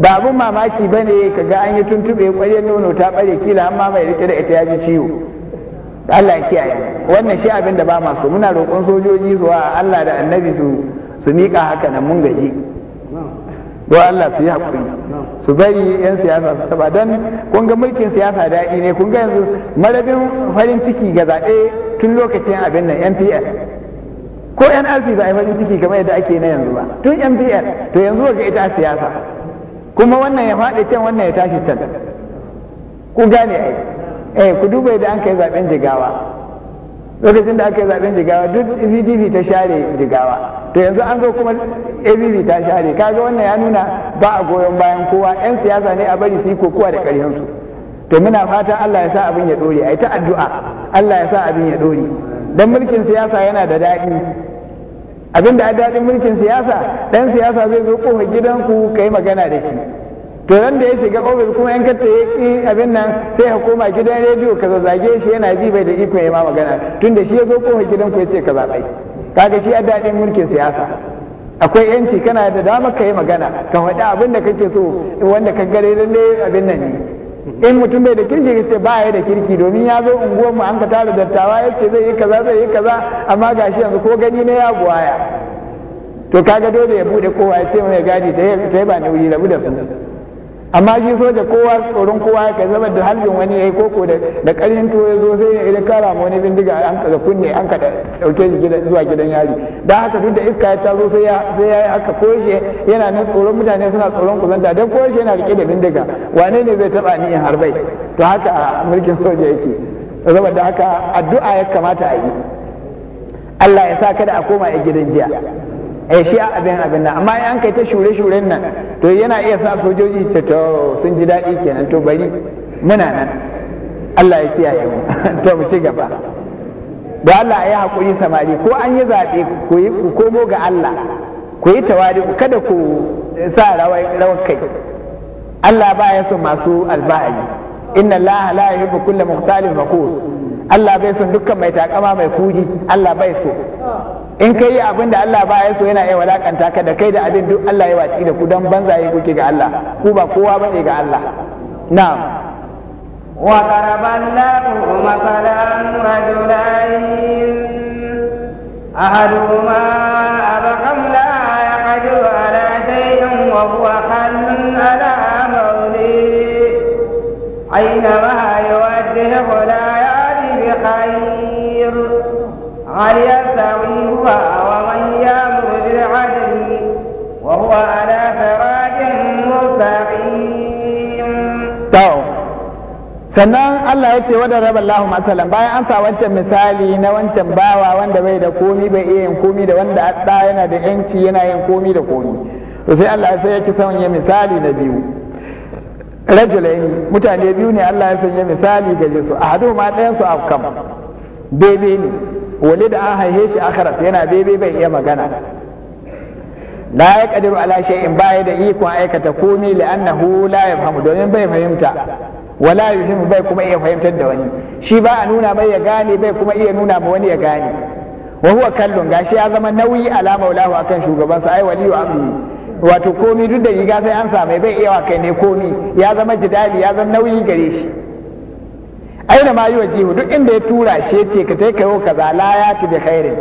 ba mamaki ba ne ka ga an yi tuntube ƙwaryar nono ta ɓare kila amma mai rike da ita ya ji ciwo Allah ya kiyaye wannan shi abin da ba masu muna roƙon sojoji su wa Allah da annabi su su miƙa haka nan mun gaji ko Allah su yi haƙuri su bari 'yan siyasa su taba don kun ga mulkin siyasa daɗi ne kun ga yanzu marabin farin ciki ga zaɓe tun lokacin abin nan NPL. ko NRC ba a yi farin ciki kamar yadda ake na yanzu ba tun NPL. to yanzu ga ita siyasa kuma wannan ya faɗi can wannan ya tashi can ku gane ai eh ku duba da an kai zaben jigawa lokacin da aka yi zaben jigawa duk pdp ta share jigawa to yanzu an zo kuma abb ta share kaga wannan ya nuna ba a goyon bayan kowa yan siyasa ne a bari su yi kokowa da ƙarfinsu to muna fata allah ya sa abin ya ɗore a ta addu'a allah ya sa abin ya ɗore don mulkin siyasa yana da daɗi abin da a daɗin mulkin siyasa ɗan siyasa zai zo kofar gidanku ka yi magana da shi to ran da ya shiga ofis kuma yan katta ya ƙi abin nan sai ka koma gidan rediyo ka zazzage shi yana ji bai da iko ya ma magana tun da shi ya zo kofar gidanku ya ce ka zaɓai kaga shi a daɗin mulkin siyasa akwai yanci kana da dama ka yi magana ka faɗi abin da kake so wanda ka gare lalle abin nan ne in mutum bai da kirki ce ba ya da kirki domin ya zo unguwar mu an ka tara dattawa ya ce zai yi kaza zai yi kaza amma gashi yanzu ko gani na ya buwaya to kaga dole ya bude kowa ya ce mai gadi ta yi ba nauyi rabu da su amma shi soja kowa tsoron kowa ya kai zama da halin wani ya yi koko da karin tuwo ya zo sai ya kara ma wani bindiga an kaza kunne an ka dauke shi zuwa gidan yari da haka duk da iska ya tazo sai ya sai ya aka koshe yana nan tsoron mutane suna tsoron zanta dan koshe yana rike da bindiga wane ne zai taba ni in harbai to haka a mulkin soja yake da haka addu'a ya kamata a yi Allah ya sa kada a koma a gidan jiya eh shi a abin abin nan amma an kai ta shure shuren nan to yana iya sa sojoji ta to sun ji daɗi kenan to bari muna nan Allah ya kiyaye mu to mu ci gaba da Allah ya haƙuri samari ko an yi zaɓe ku yi komo ga Allah ku yi tawari kada ku sa rawar kai Allah ba ya so masu alba'ari inna Allah la yuhibbu kullu muhtalin fakhur Allah bai son dukkan mai takama mai kuji Allah bai so in kai abin da Allah ba ya so yana iya walakanta ka da kai da abin duk Allah ya watsi da ku dan yi kuke ga Allah ku ba kowa bane ga Allah na'am wa qaraballahu masalan rajulain ahaduhuma abqam la yaqdu ala shay'in wa huwa halun ala mawli aina sannan Allah ya ce wadda raba Allah masalan bayan an sa wancan misali na wancan bawa wanda bai da komi bai iya yin komi da wanda ɗa yana da yanci yana yin komi da komi to sai Allah sai ya misali na biyu rajulaini mutane biyu ne Allah ya sanya misali gare su a hadu ma ɗayan su kam bebe ne wani da an haihe shi akharas yana bebe bai iya magana la ya kadiru ala shay'in ba da ikon aikata komai annahu la yafhamu domin bai fahimta wala yuhimu bai kuma iya fahimtar da wani shi ba a nuna mai ya gane bai kuma iya nuna ma wani ya gane wa huwa kallon gashi ya zama nauyi ala maulahu akan sa ai waliyu amri wato komai duk da riga sai an samai bai iya wa kai ne komai. ya zama jidali ya zama nauyi gare shi aina ma yi wa jihu duk inda ya tura shi ya ce ka ta kayo kaza la ya ta bi khairin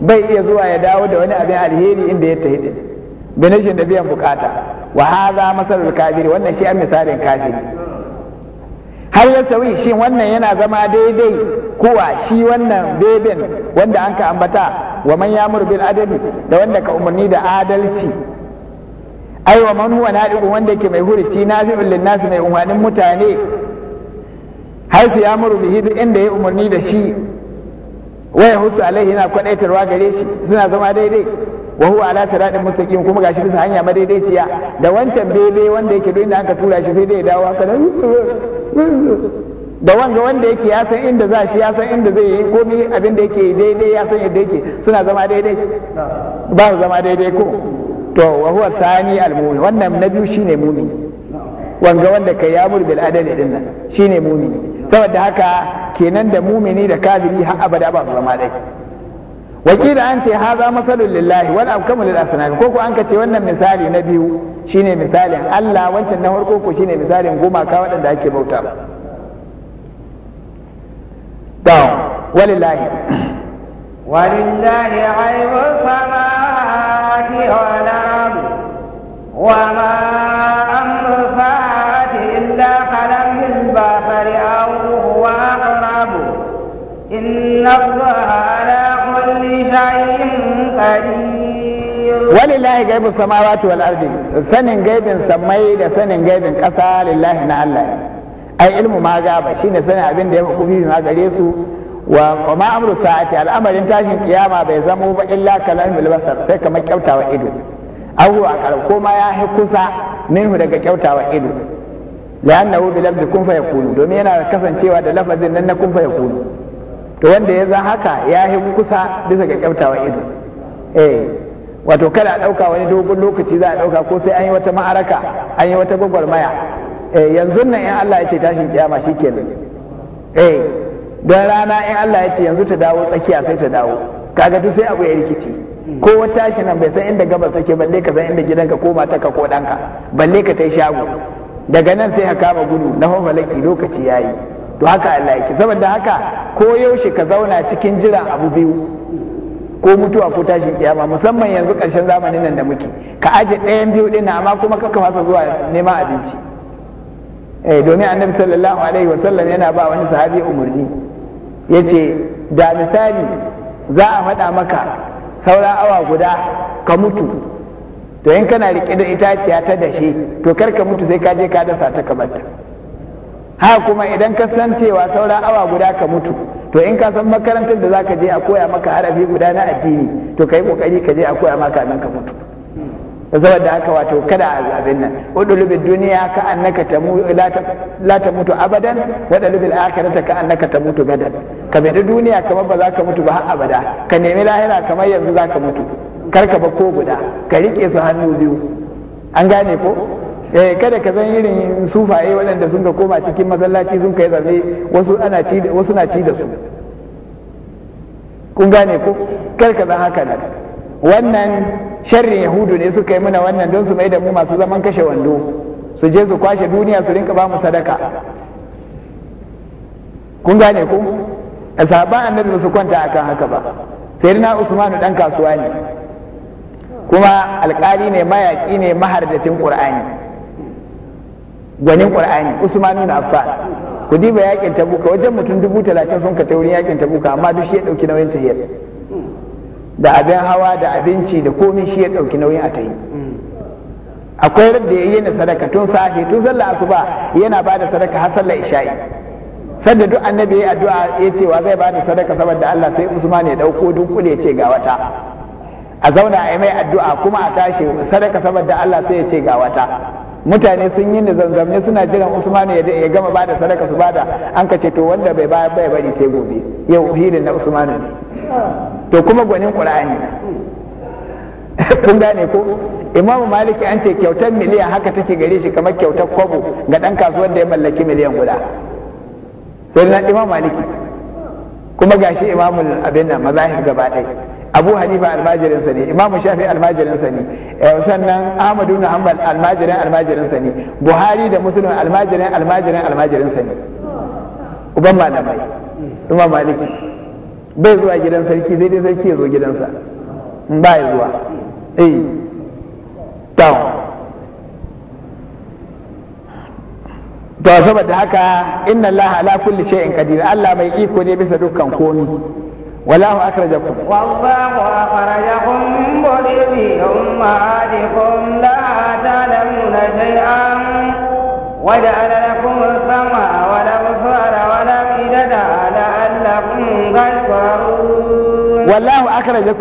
bai iya zuwa ya dawo da wani abin alheri inda ya tahi din binashin da biyan bukata wa masarar masalul kafiri wannan shi an misalin kafiri har ya sauyi shi wannan yana zama daidai kuwa shi wannan bebin wanda an ka ambata wa man yamur bil adami da wanda ka umarni da adalci ai wa man huwa wanda yake mai hurici nafi'ul linnas mai umarnin mutane haisu ya muru da duk inda ya umarni da shi waya husu alaihi na kwadaitarwa gare shi suna zama daidai wa huwa ala siratin mustaqim kuma gashi bisa hanya madaidaiciya da wancan bebe wanda yake duk inda aka tura shi sai dai ya dawo haka nan da wanga wanda yake ya san inda za shi ya san inda zai yi komai abin da yake daidai ya san yadda yake suna zama daidai ba zama daidai ko to wa huwa thani al-mu'min wannan na biyu shine mu'min wanga wanda ka yamur bil adali din nan shine mumini saboda haka kenan da mumini da kafiri har abada ba su zama dai wakila an ce haza masalul lillahi wal abkamu lil asnam ko ko an ka ce wannan misali na biyu shine misalin Allah wancan na farko ko shine misalin gumaka waɗanda ake bauta ba to walillahi walillahi ghaibu samawati wal ard wa ma Walillahi gaibu sama wato wal'ardi, sanin gaibin samai da sanin gaibin ƙasa lillahi na Allah. Ai, ilmu ma gaba shi ne sanin abin da ya hukumi ma gare su, wa kuma amuru sa'ati al'amarin tashin kiyama bai zama ba illa kalan milibasar sai kamar kyautawa ido. Ahu a ƙarko ya hi kusa minhu daga kyautawa ido. Lihanna wubi lafzi kumfa ya kunu, domin yana kasancewa da lafazin nan na kumfa ya kunu. to wanda ya za haka ya yi kusa bisa ga kyautawa ido eh wato kada a ɗauka wani dogon lokaci za a ɗauka ko sai an yi wata ma'araka an yi wata gwagwarmaya eh yanzu nan in Allah ya ce tashin kiyama shikenan eh don rana in Allah ya ce yanzu ta dawo tsakiya sai ta dawo kaga duk sai abu ya rikici ko wata tashi nan bai san inda gabas take balle ka san inda gidanka ko mataka ko danka, balle ka tai shago daga nan sai ka kama gudu na hofalaki lokaci yayi to haka Allah yake saboda haka ko yaushe ka zauna cikin jira abu biyu ko mutuwa ko tashin kiyama musamman yanzu karshen zamanin nan da muke ka aje ɗayan biyu ɗin amma kuma ka fasa zuwa neman abinci eh domin annabi sallallahu alaihi wasallam yana ba wani sahabi umarni yace da misali za a faɗa maka saura awa guda ka mutu to in kana riƙe da itaciya ta dashe to kar ka mutu sai ka je ka dasa ta kamar ta ha kuma idan ka san cewa saura awa guda ka mutu to in ka san makarantar da zaka je a koya maka harafi guda na addini to kai kokari ka je a koya maka nan ka mutu saboda haka wato kada a zabin nan udulubi duniya ka annaka tamu la ta mutu abadan wa dulubil akhirata ka annaka ta mutu gadan ka bai duniya kamar ba za ka mutu ba har abada ka nemi lahira kamar yanzu za ka mutu kar ka ba ko guda ka rike su hannu biyu an gane ko eh kada ka zan irin sufaye waɗanda sun ka koma cikin masallaci sun kai zaune wasu ana ci wasu na ci da su kun gane ko kar ka zan haka nan wannan sharrin yahudu ne suka yi mana wannan don su mai da mu masu zaman kashe wando su je su kwashe duniya su rinka ba mu sadaka kun gane ko asaba annabi ba su kwanta akan haka ba sayyidina usmanu dan kasuwa ne kuma alkali ne mayaki ne mahardacin qur'ani gwanin ƙwar'ani usmanu na affan ku diba yakin tabuka wajen mutum dubu talatin sun ka taurin yakin tabuka amma duk shi ya ɗauki nauyin tahiyar da abin hawa da abinci da komai shi ya ɗauki nauyin a tayi akwai da ya yi na sadaka tun safe tun sallah asuba yana bada sadaka har sallar isha'i sadda duk annabi ya addu'a ya ce wa zai bada sadaka saboda Allah sai Usman ya dauko dunkule ya ce ga wata a zauna a yi mai addu'a kuma a tashi sadaka saboda Allah sai ya ce ga wata mutane sun yi zanzamne suna jiran usmanu ya gama ba da sadaka su bada an ka ce to wanda bai baya bai bari sai gobe yau hilin na usmanu ne to kuma gwanin qur'ani na kun gane ko imam maliki an ce kyautar miliyan haka take gare shi kamar kyautar kwabo ga dan kasuwar da ya mallaki miliyan guda sai na imam maliki kuma gashi imamul abin nan mazahir gaba ɗaya abu hanifa almajirinsa ne imamu shafi almajirinsa ne eh, sannan Amadu na hanbal almajirin almajirinsa ne buhari da muslim almajirin almajirin almajirinsa ne uban malamai imam maliki bai zuwa gidan sarki sai dai sarki ya zo gidansa in ba ya zuwa eh down to saboda haka inna allaha ala kulli shay'in qadir allah mai iko ne bisa dukkan komi والله أخرجكم والله أخرجكم min buduni wallahu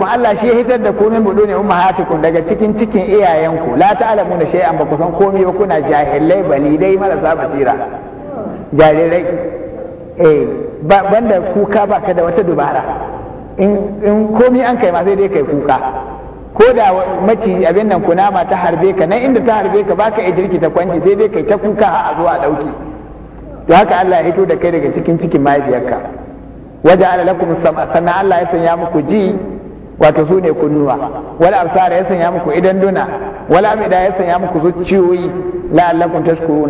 Allah shi hitar da ku min buduni ummahatikum daga cikin cikin iyayenku la ta'lamuna shay'an ba ku san komai ba kuna jahilai balidai marasa basira jarirai eh banda kuka baka da wata dubara in komi an kai ma sai dai kai kuka ko da maci abin nan kunama ta harbe ka nan inda ta harbe ka baka ejirki ta kwanci sai dai kai ta kuka a a ɗauki, to haka Allah ya hito da kai daga cikin cikin mahaifiyarka waje lakum sam'a sannan Allah ya sanya muku ji wato su ne kunnuwa wala absara ya sanya muku idan duna wala amida ya sanya muku zuciyoyi la'allakum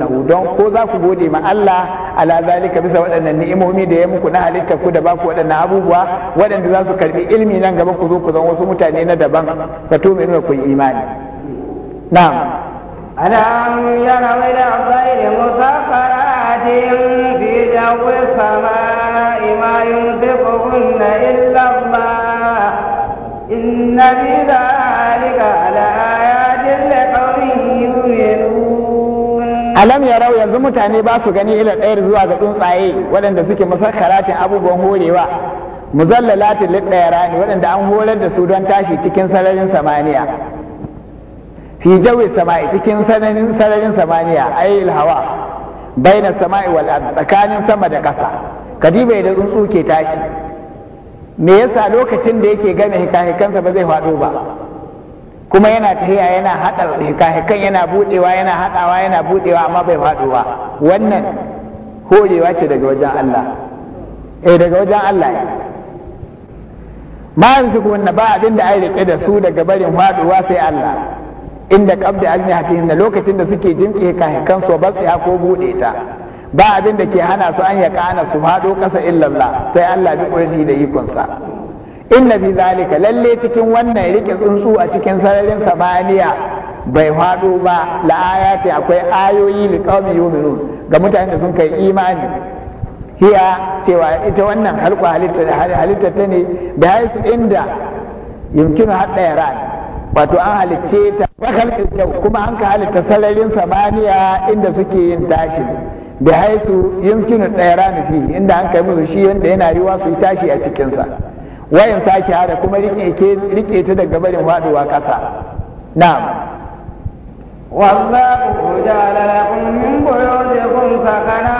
hu, don ko za ku gode ma Allah ala zalika bisa waɗannan ni'imomi da ya muku na halitta ku da ba ku waɗannan abubuwa waɗanda za su karbi ilmi nan gaba ku zo ku zan wasu mutane na daban ka to mai ku imani na'am jawi sama'i ma illa Allah إن في ذلك yanzu mutane ba su gani ila ɗayar zuwa ga tsuntsaye waɗanda suke karatun abubuwan horewa latin liɗɗayara rani waɗanda an horar da su don tashi cikin sararin samaniya fi jawi sama'i cikin sararin sararin samaniya ayyul hawa baina sama'i wal tsakanin sama da ƙasa kadibai da tsuntsu ke tashi me yasa lokacin da yake gane hikahikansa ba zai faɗo ba kuma yana tahiya yana haɗa hikahikan yana buɗewa yana haɗawa yana buɗewa amma bai faɗo ba wannan horewa ce daga wajen Allah eh daga wajen Allah ne ma su kuma ba abin da ai da su daga barin faɗuwa sai Allah inda kabda ajnihatihim na lokacin da suke jinki hikahikan su ba tsaya ko buɗe ta ba abin da ke hana su an ya kana su hado kasa illallah sai Allah bi kurji da ikonsa inna bi zalika lalle cikin wannan rike tsuntsu a cikin sararin samaniya bai hado ba la ayati akwai ayoyi li qaumi yu'minun ga mutanen da sun kai imani hiya cewa ita wannan halqa halitta ta ne da haisu inda yumkinu hadda yara wato an halicce ta ba kyau kuma an ka halitta sararin samaniya inda suke yin tashin da haisu yumkinu ɗaya fi inda an kai musu shi yadda yana yiwa su tashi a cikinsa wayan sake hada kuma rike ta daga barin faduwa ƙasa na'am والله جعل لكم من بيوتكم سكنا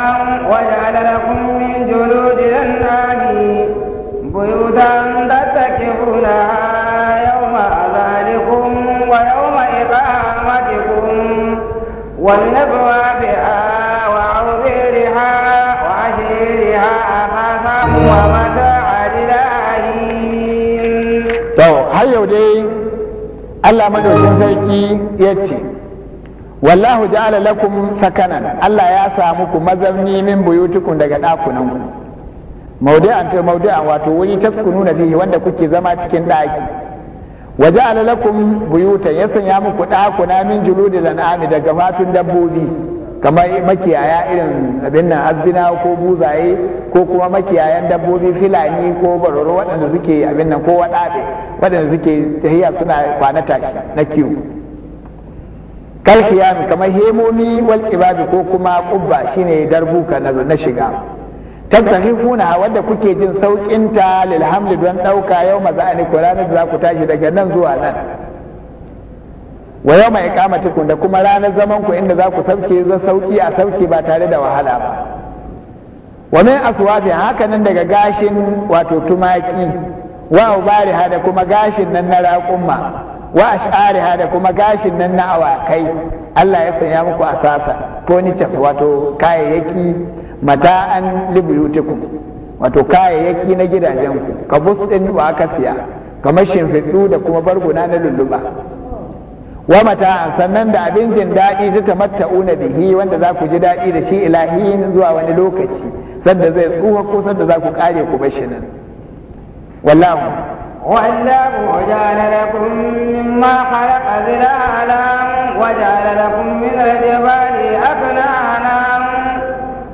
وجعل لكم من جلود الأنعام بيوتا تتكئونها يوم أذانكم ويوم إقامتكم ومن har yau dai Allah madaukin sarki ya ce wallahu ja'ala lakum sakanan Allah ya sa muku mazamni min buyutukum daga dakunan ku maudi'an to maudi'an wato wuri taskununa fihi wanda kuke zama cikin daki wa ja'ala lakum buyutan ya sanya muku dakuna min juludil an'ami daga fatun dabbobi kamar makiyaya irin abin nan azbina ko buzaye ko kuma makiyayan dabbobi filani ko baroro waɗanda suke abin nan ko waɗaɓe waɗanda suke tahiya suna kwana tashi na kiwo kalkiyam kamar hemomi wal kibabi ko kuma ƙubba shine darbuka na shiga tastahifuna wadda kuke jin saukin ta lil don ɗauka, yau maza ne ranar da za ku tashi daga nan zuwa nan wa yau mai tuku da kuma ranar zaman ku inda za ku sauke za sauki a sauki ba tare da wahala ba wa min aswafi nan daga gashin wato tumaki wa ubari da kuma gashin nan na raƙumma wa ashari da kuma gashin nan na awakai Allah ya sanya muku a asasa furnitures wato kayayyaki mata'an libuyutikum wato kayayyaki na gidajenku ku. bus ɗin wa aka siya kamar shimfiɗu da kuma barguna na lulluba. wa mata sannan da abincin daɗi ta tamatta'una bihi wanda za ku ji daɗi da shi ilahin zuwa wani lokaci sanda zai tsuwa ko sanda za ku kare ku shi nan wallahu wallahu ja'ala lakum mimma khalaqa zilalan wa ja'ala lakum min al-jibali aknanan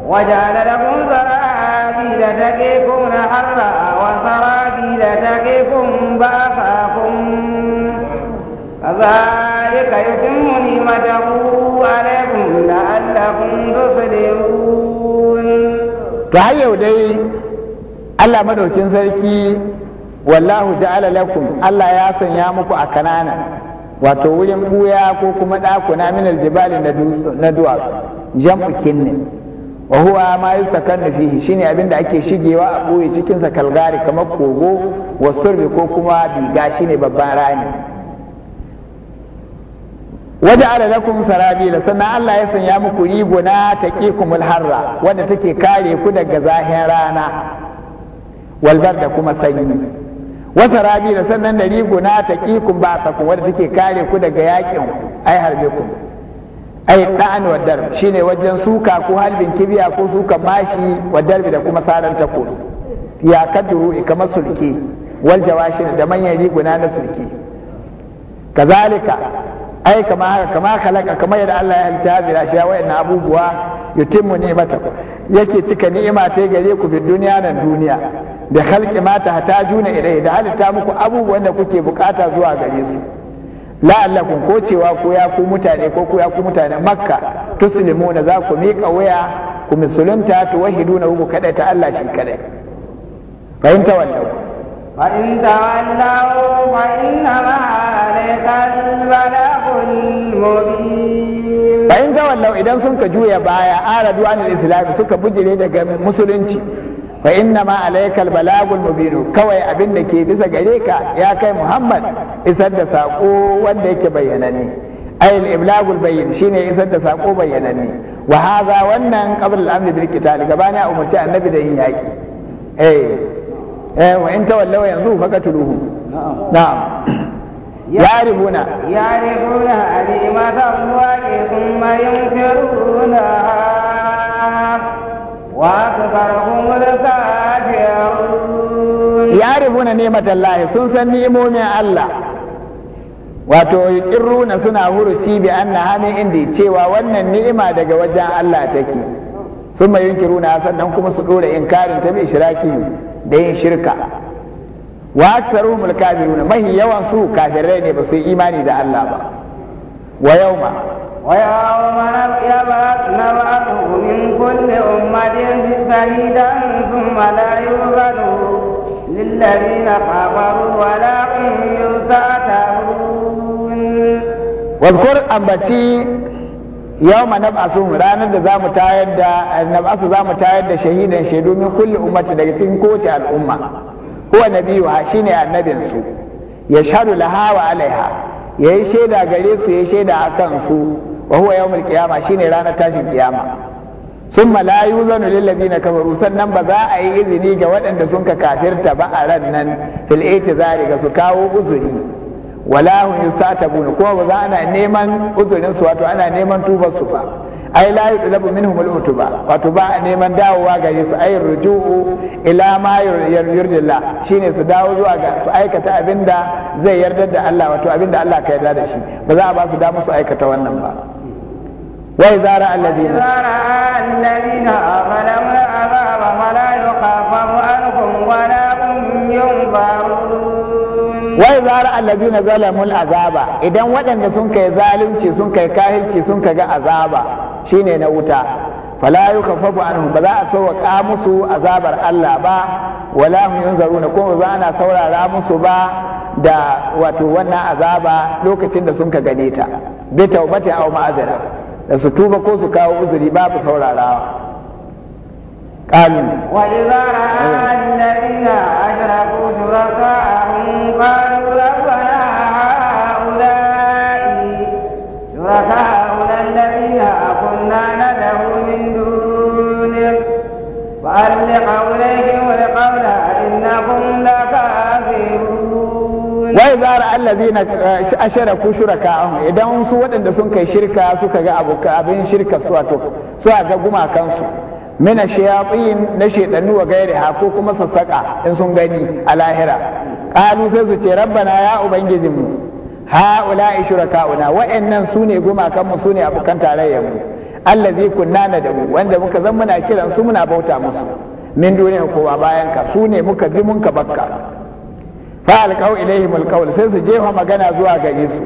wa ja'ala lakum sarabila taqikum harra wa sarabila taqikum ba'sakum كذلك يتم نعمته عليكم لعلكم تسلمون to har yau dai Allah والله sarki wallahu ألا Allah ya sanya muku a kanana wato wurin buya ko kuma ɗakuna min aljibali na duwatsu jam'u kinni. wa huwa ma yustakannu fihi shine abin da ake shigewa a ɓoye cikin sa kalgari kamar kogo wa surbi ko kuma biga shine babban rani waje alalakun sarabila sannan Allah ya sanya muku riguna ta kumul harra wadda take kare ku daga zahin rana walbar da kuma sanyi wasa rabila sannan da riguna ta kun ba saku wadda take kare ku daga yakin ai harbe ku ai da'an wadar shine wajen suka ko halbin kibiya ko suka mashi wadar da kuma saran takobi ya kaduru kamar sulke wal jawashin da manyan riguna na sulke kazalika ai kama kama halaka kama yadda Allah ya halitta hadhihi ashiya wa inna abubuwa yutimmu ni'matakum yake cika ni'ima ta gare ku bi duniya nan duniya da halki mata ta hatajuna ida da halitta muku abubuwan da kuke bukata zuwa gare su la'allakum ko cewa ko ya ku mutane ko ku ya ku mutane makka tuslimuna za ku miƙa waya ku musulunta tuwahiduna ku kada ta Allah shi kadai fahimta wannan فإن تولوا فإنما عليك البلاغ المبين فإن تولوا إذا سنك جوية بايا آل عن الإسلام سنك بجري دقا مسلنشي fa inna ma alaikal balagul mubin kawai abin da ke bisa gare ka ya kai muhammad isar da sako wanda yake bayyananne ayil iblagul bayyin shine isar da sako bayyananne Wahaza hadha wannan qabla al-amri bil qital gabana umurta annabi da yin yaki eh wa in tawallaw yanzu fa na'am يعرفون يعرفون حليمة الله ثم ينكرونها وأكثرهم الكافرون يعرفون نعمة الله san ni'imomin الله wato ƙirruna suna huruci bi anna hamin inda cewa wannan ni'ima daga wajen Allah take Sun summa yunkiruna sannan kuma su dora inkarin ta bi ishrakihim da yin shirka wa aktsaruhumul kafiruna mahi yawan su kafirai ne ba su yi imani da Allah ba wa yauma wa yauma nab'athu min kulli ummatin shahidan thumma la yuzanu lilladheena kafaru walakin yuzatun واذكر أنبتي yau ma nab'asu ranar da za mu tayar da za mu tayar da shahidan shaidu min kulli ummati daga cikin kowace al'umma huwa nabiyuha shine annabin su sharu laha wa alaiha yayi shaida gare su yayi shaida kan su wa huwa yawmul qiyama shine ranar tashin kiyama ma layu yuzanu lil ladina kafaru sannan ba za a yi izini ga waɗanda sun ka kafirta ba a ran nan fil itizari ga su kawo uzuri wala hum yustatabun kuma ba za ana neman uzurin su wato ana neman tubar su ba ai la yudlabu minhum al-utuba wato ba neman dawowa gare su ai ruju'u ila ma yurdillah shine su dawo zuwa ga su aikata abinda zai yarda da Allah wato abinda Allah ka yarda da shi ba za a ba su dama su aikata wannan ba wai izara alladhina izara alladhina amanu azaba wa la yukhafafu anhum wa la hum yunzarun wai zara allazina zalamul azaba idan waɗanda sun kai zalunci sun kai kahilci sun kai ga azaba shine na wuta fala yukaffafu an ba za a sauƙa musu azabar Allah ba wala zaru na kuma za ana saurara musu ba da wato wannan azaba lokacin da sun ka gane ta bi taubati aw ma'azira da su tuba ko su kawo uzuri babu saurarawa قالوا وإذا رأى الذين أشركوا شركاءهم wai zara allazin eh, ashara ku shuraka'ahu idan su waɗanda sun kai shirka suka ga abin shirka su a su a ga gumakansu mina na shaidannu wa gairi ha ko kuma sassaƙa in sun gani a lahira qalu sai su ce rabbana ya mu ubangijinmu ha'ula'i shuraka'una wa'annan sune gumakan mu sune abokan tarayyar mu allazi kunna na mu wanda muka zan muna kiran su muna bauta musu min duniya kowa bayan ka sune muka bi mun ka bakka fa alqau ilaihim alqawl sai su jefa magana zuwa gare su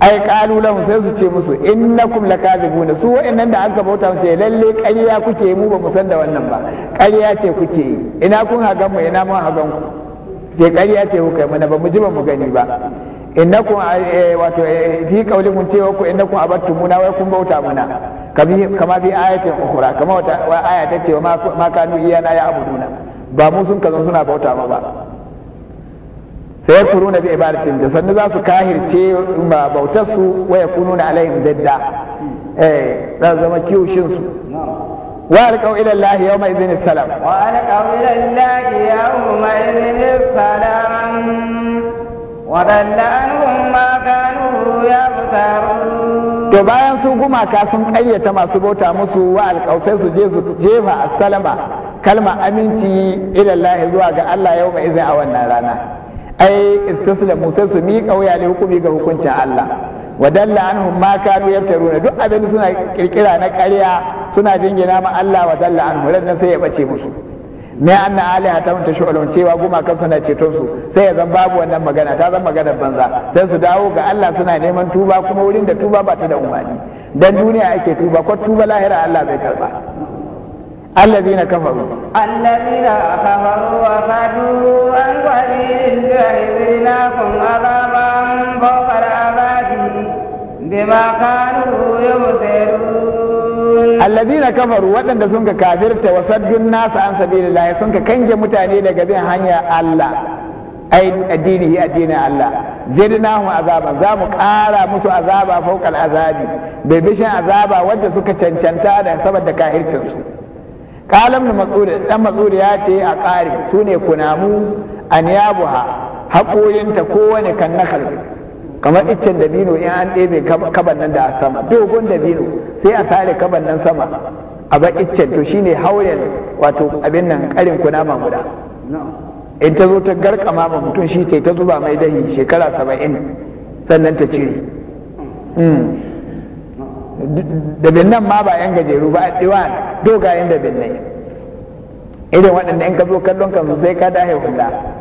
ai qalu lahum sai su ce musu innakum lakazibun su wa'annan da aka bauta mu ce eh, lalle ƙarya kuke mu ba mu san da wannan ba ƙarya ce kuke yi ina kun hagan mu ina mun hagan ku je kariya ce kuka yi mana ba mu ji ba mu gani ba innakum eh, wato eh, fi mun ce ku innakum muna wai kun bauta mana kama fi ayatin ukhra kama wata aya ta cewa ma kanu iyana ya abuduna ba mu sun kazo suna bauta ma ba sai kuruna bi ibadatin da sannu za su kahirce ma bautar su waya kununa alaihim dadda eh za zama kiyushin su وألقوا إلى الله يومئذ السلام وألقوا إلى الله يومئذ السلام وضل عنهم ما كانوا يفترون to bayan su gumaka sun ƙayyata masu bauta musu wa alƙausai su je su jefa assalama kalma aminci ilallahi zuwa ga Allah yau mai izin a wannan rana ai istislamu sai su miƙa wuya hukumi ga hukuncin Allah wa dalla anhum ma kanu yaftaruna duk abin da suna kirkira na ƙarya suna jingina ma Allah wa dalla anhum ran sai ya bace musu me anna alaha ta ta shu'ulun cewa kan suna ceton su sai ya zan babu wannan magana ta zan magana banza sai su dawo ga Allah suna neman tuba kuma wurin da tuba ba ta da umarni dan duniya ake tuba ko tuba lahira Allah bai karba الذين كفروا الذين كفروا وصدوا عن bima kanu yubsirun alladhina kafaru waɗanda sun kafirta wa saddun nasu an sabilillahi sun kange mutane daga bin hanyar Allah ai addinihi addinin Allah zidnahum azaba za mu ƙara musu azaba fawqal azabi bai bishin azaba suka cancanta da saboda kahircin su kalam ibn mas'ud dan mas'ud ya ce a ƙari sune kunamu anyabuha haƙoyinta kowane kan nakal kamar iccen dabino in an ɗebe kaban nan da a sama dogon dabino sai a sare kaban nan sama a ba iccen to shine hauren wato abin nan karin kunama guda in ta zo ta garkama ma mutum shi ta zuba mai dahi shekara saba'in sannan ta cire hmm. dabin nan ma ba yan gajeru ba a ɗiwa dogayen dabin nan irin waɗanda in ka zo kallon kansu sai ka dahe hula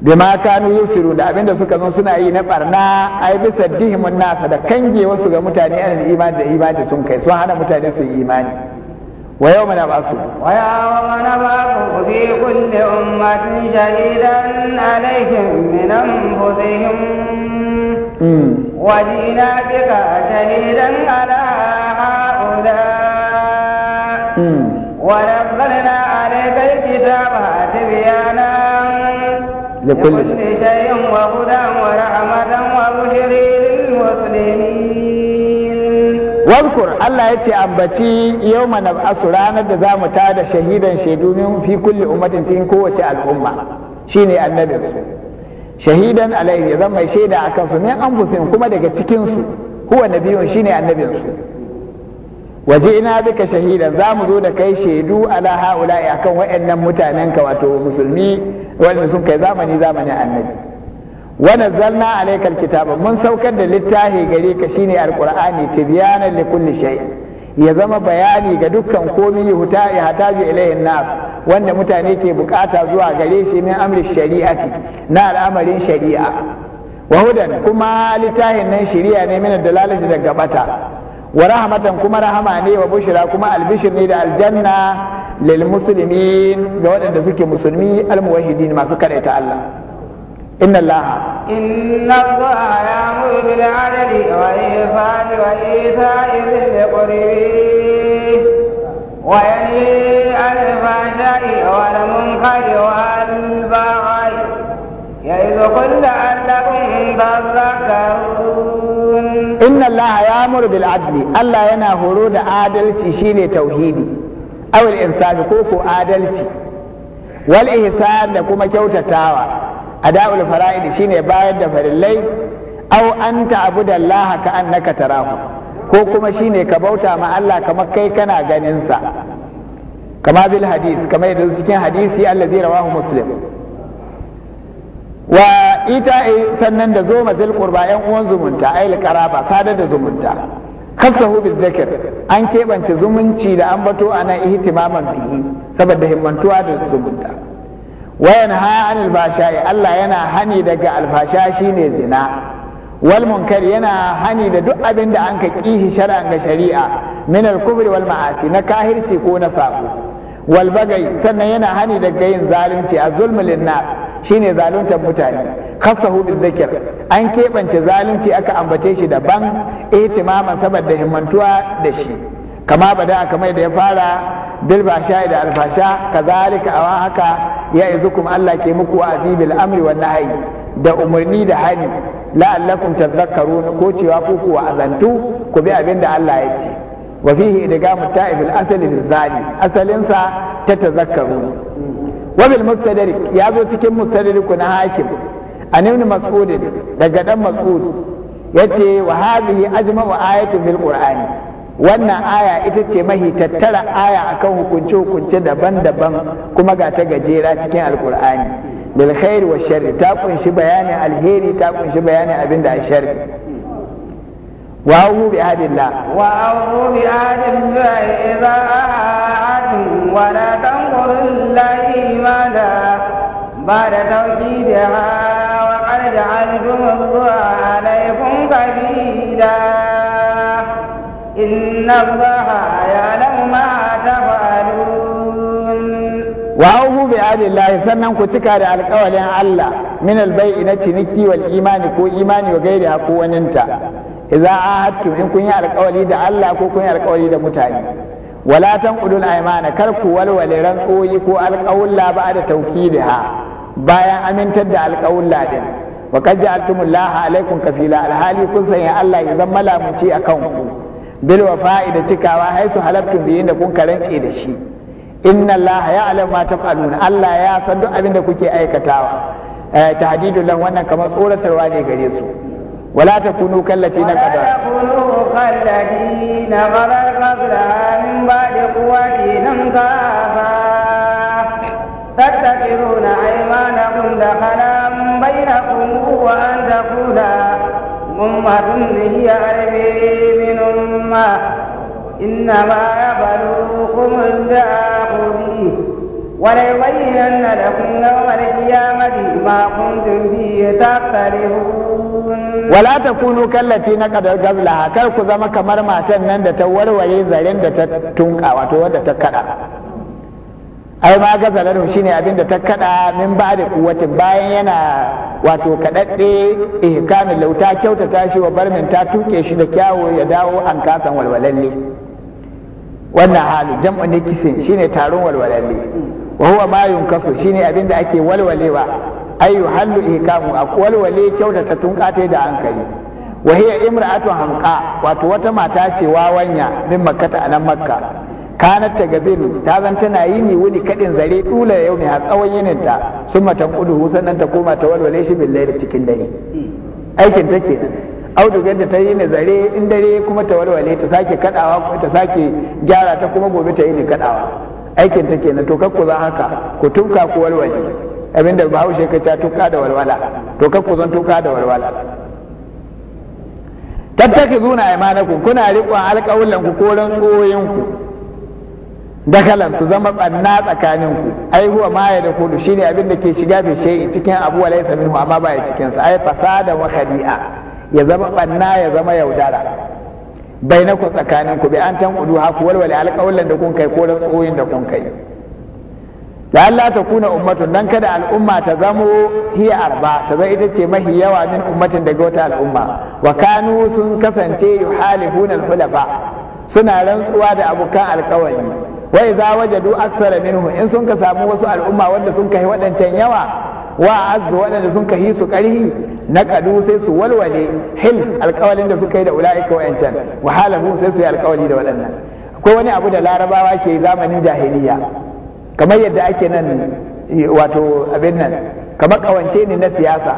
bima kanu yusiru da abinda suka zo suna yi na barna ai bisa dihimun nasa da kange wasu ga mutane an imani da imani sun kai sun hana mutane su yi imani wa yau mana ba su wa yau mana ba ku fi kulli ummatin shahidan alaihim min anfusihim hmm. wa jina bika shahidan ala haula hmm. wa rabbana alayka alkitaba tibyana لكل شيء وهدى ورحمة وبشر للمسلمين واذكر الله يتي أنبتي يوم نبعث رانا دزام تاد شهيدا شهدون في كل أمة تين قوة الأمة شيني النبي shahidan alaihi zan شهيدا shaida akan su min anfusihim kuma daga cikin su huwa nabiyun shine annabin waje ina bika shahida? za mu zo da kai shaidu ala ha'ula'i akan waɗannan mutanen ka wato musulmi wanda sun kai zamani zamanin annabi wa nazzalna alayka alkitaba mun saukar da littafi gare ka shine alqur'ani tibyanan li kulli shay ya zama bayani ga dukkan komai huta ya hataji ilayhi nas wanda mutane ke bukata zuwa gare shi min amri shari'ati na al'amarin shari'a wa hudan kuma littafin nan shari'a ne min dalalati daga bata wa rahmatan kuma rahama ne wa bushra kuma albishir ne da aljanna lil muslimin ga waɗanda suke musulmi almuwahhidin masu karaita Allah inna Allah inna Allah ya'muru bil adli wa ihsani wa ita'i dhil qurbi wa yanhi 'anil fahsha'i wal inna allaha ya'muru bil adli allah yana horo da adalci shine tauhidi awil insani ko ko adalci wal ihsan da kuma kyautatawa ada'ul fara'id shine bayar da farillai aw anta abudallaha ka annaka tarahu ko kuma shine ka bauta ma Allah kamar kai kana ganin sa kama bil hadis kama yadda cikin hadisi allazi rawahu muslim wa ita eh, sannan da zoma mazil qurba yan uwan zumunta ayil qaraba sadar da zumunta kasahu bil dhikr an kebance zumunci da an ambato ana ihtimaman bihi saboda himmantuwa da zumunta wa yanha anil fashai Allah yana hani daga shi ne zina wal munkar yana hani da duk abin da an ka kishi shar'an ga shari'a min al kufri wal ma'asi na kahirci ko na sabo wal bagai sannan yana hani daga yin zalunci a zulmul shine zaluntar mutane khassahu dhikr an keɓance zalunci aka ambace shi daban itimaman saboda himmantuwa da shi kama bada kamar da ya fara bil fasha da alfasha kazalika awa haka ya izukum Allah ke muku a'zibil bil amri wan nahyi da umarni da hani la'allakum tadhakkarun ko cewa ku ku wa'azantu ku bi abinda Allah ya ce wa fihi idgamu ta'ibil asli asali bil zali asalin sa tatazakkarun wabil mustadrik ya zo cikin mustadrik na hakim an ibn mas'ud daga dan mas'ud yace wa hadhihi ajma'u ayatin fil qur'ani wannan aya ita ce mahi tattara aya akan hukunce hukunce daban-daban kuma ga ta gajera cikin alqur'ani bil khair wa sharri ta kunshi bayanin alheri ta kunshi bayanin abinda a sharri bi بعهد wa a'udhu bi الله إذا عاهدتم ولا تنقضوا lillahi mala bara tawjidha wa qada aljum alaykum qadira inna allaha ya'lamu ma tafalun sannan ku cika da alƙawalin Allah min albayyi na ciniki wal imani ko imani ga gairi hakowaninta idza ahattu in kun yi alƙawali da Allah ko kun yi alƙawali da mutane wala tanqudul aymana kar ku walwale rantsoyi ko alqawla ba da ha, bayan amintar da alqawla din wa qad ja'altumullaha alaikum kafila alhali kun sanya Allah ya zama lamunci akan ku bil wafa'i da cikawa haisu halaftum biyin da kun karance da shi inna Allah ya'lamu ma taf'alun Allah ya san duk abin da kuke aikatawa eh, tahdidul lan wannan kamar tsoratarwa ne gare su ولا تكونوا كالتي نقضت ولا تكونوا كالتي نقضت قبلها من بعد قوة أنكافا تتخذون أيمانكم دخلا بينكم وأن تكون أمة هي أربي من أمة إنما يبلوكم الله به وليبينن لكم يوم القيامة ما كنتم فيه تختلفون wala ta kunu kallati na kadar gazlaha kar ku zama kamar matan nan da ta warware zaren da ta tunka wato wadda ta kada ai ma gazalar shine abin da ta kada min ba da kuwatin bayan yana wato kadadde ihkamin lauta kyautata shi wa barmin ta tuke shi da kyawo ya dawo an kasan walwalalle wannan hali jam'u nikisin shine taron walwalalle wa huwa ma yunkasu shine abin da ake walwalewa ayu hallu ihkamu akwal wale ta tun kate da an kai wa hiya imra'atu hanqa wato wata mata ce wanya min makkata anan makka kanat ta ta zan tana yi ni wuni kadin zare dula yau ne a tsawon yinin ta sun kudu sannan ta koma ta walwale shi billahi cikin dare aikin take audu ganda ta yi ne zare in dare kuma ta walwale ta sake kadawa ta sake gyara ta kuma gobe ta yi ne kadawa aikin take na to kakku za haka ku tumka ku walwale abinda bahaushe ka ca tuka da walwala to kai ku zan tuka da walwala tattaki zuna imanaku kuna riƙon alƙawullan ku ko rantsoyin ku kalan su zama banna tsakanin ku ai huwa ma ya da kudu shine abin da ke shiga bi shay'in cikin abu wa laysa minhu amma ba ya cikin sa ai fasada wa khadi'a ya zama banna ya zama yaudara bainaku tsakanin ku bi an tan kudu haku walwale alƙawullan da kun kai ko rantsoyin da kun kai da Allah ta kuna ummatun dan kada al'umma ta zamo hiya arba ta zai ita ce mahi yawa min ummatin daga wata al'umma wa kanu sun kasance yuhalifuna al-hulafa suna rantsuwa da abokan alkawari wa idza wajadu aksara minhu, in sun ka samu wasu al'umma wanda sun kai wadancan yawa wa azzu wadanda sun kai su karhi na kadu sai su walwale hil alkawalin da suka yi da ulaika wa'ancan wa halahu sai su yi alkawali da wadannan akwai wani abu da larabawa ke zamanin jahiliya kamar yadda ake nan wato abin nan kamar kawance ne na siyasa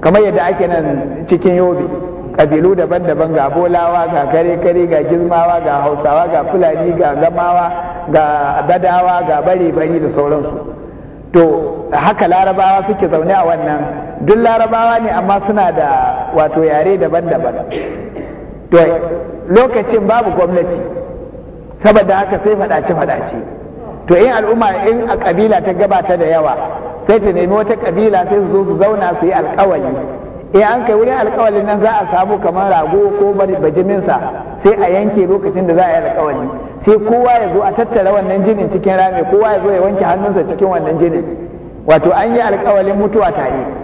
kamar yadda ake nan cikin yobe kabilu daban-daban ga bolawa ga kare-kare ga gizmawa ga hausawa ga fulani ga gamawa ga badawa ga bare-bari da sauransu to haka larabawa suke zaune a wannan duk larabawa ne amma suna da wato yare daban-daban to lokacin babu gwamnati saboda haka sai faɗace-faɗace to in al'umma in a kabila ta gabata da yawa sai ta nemi wata kabila sai su zo su zauna su yi alkawali in an kai wurin alkawali nan za a samu kamar rago ko bajiminsa sai a yanke lokacin da za a yi alkawali sai kowa ya zo a tattara wannan jinin cikin rami kowa ya zo ya wanke hannunsa cikin wannan jinin wato an yi alkawalin mutuwa tare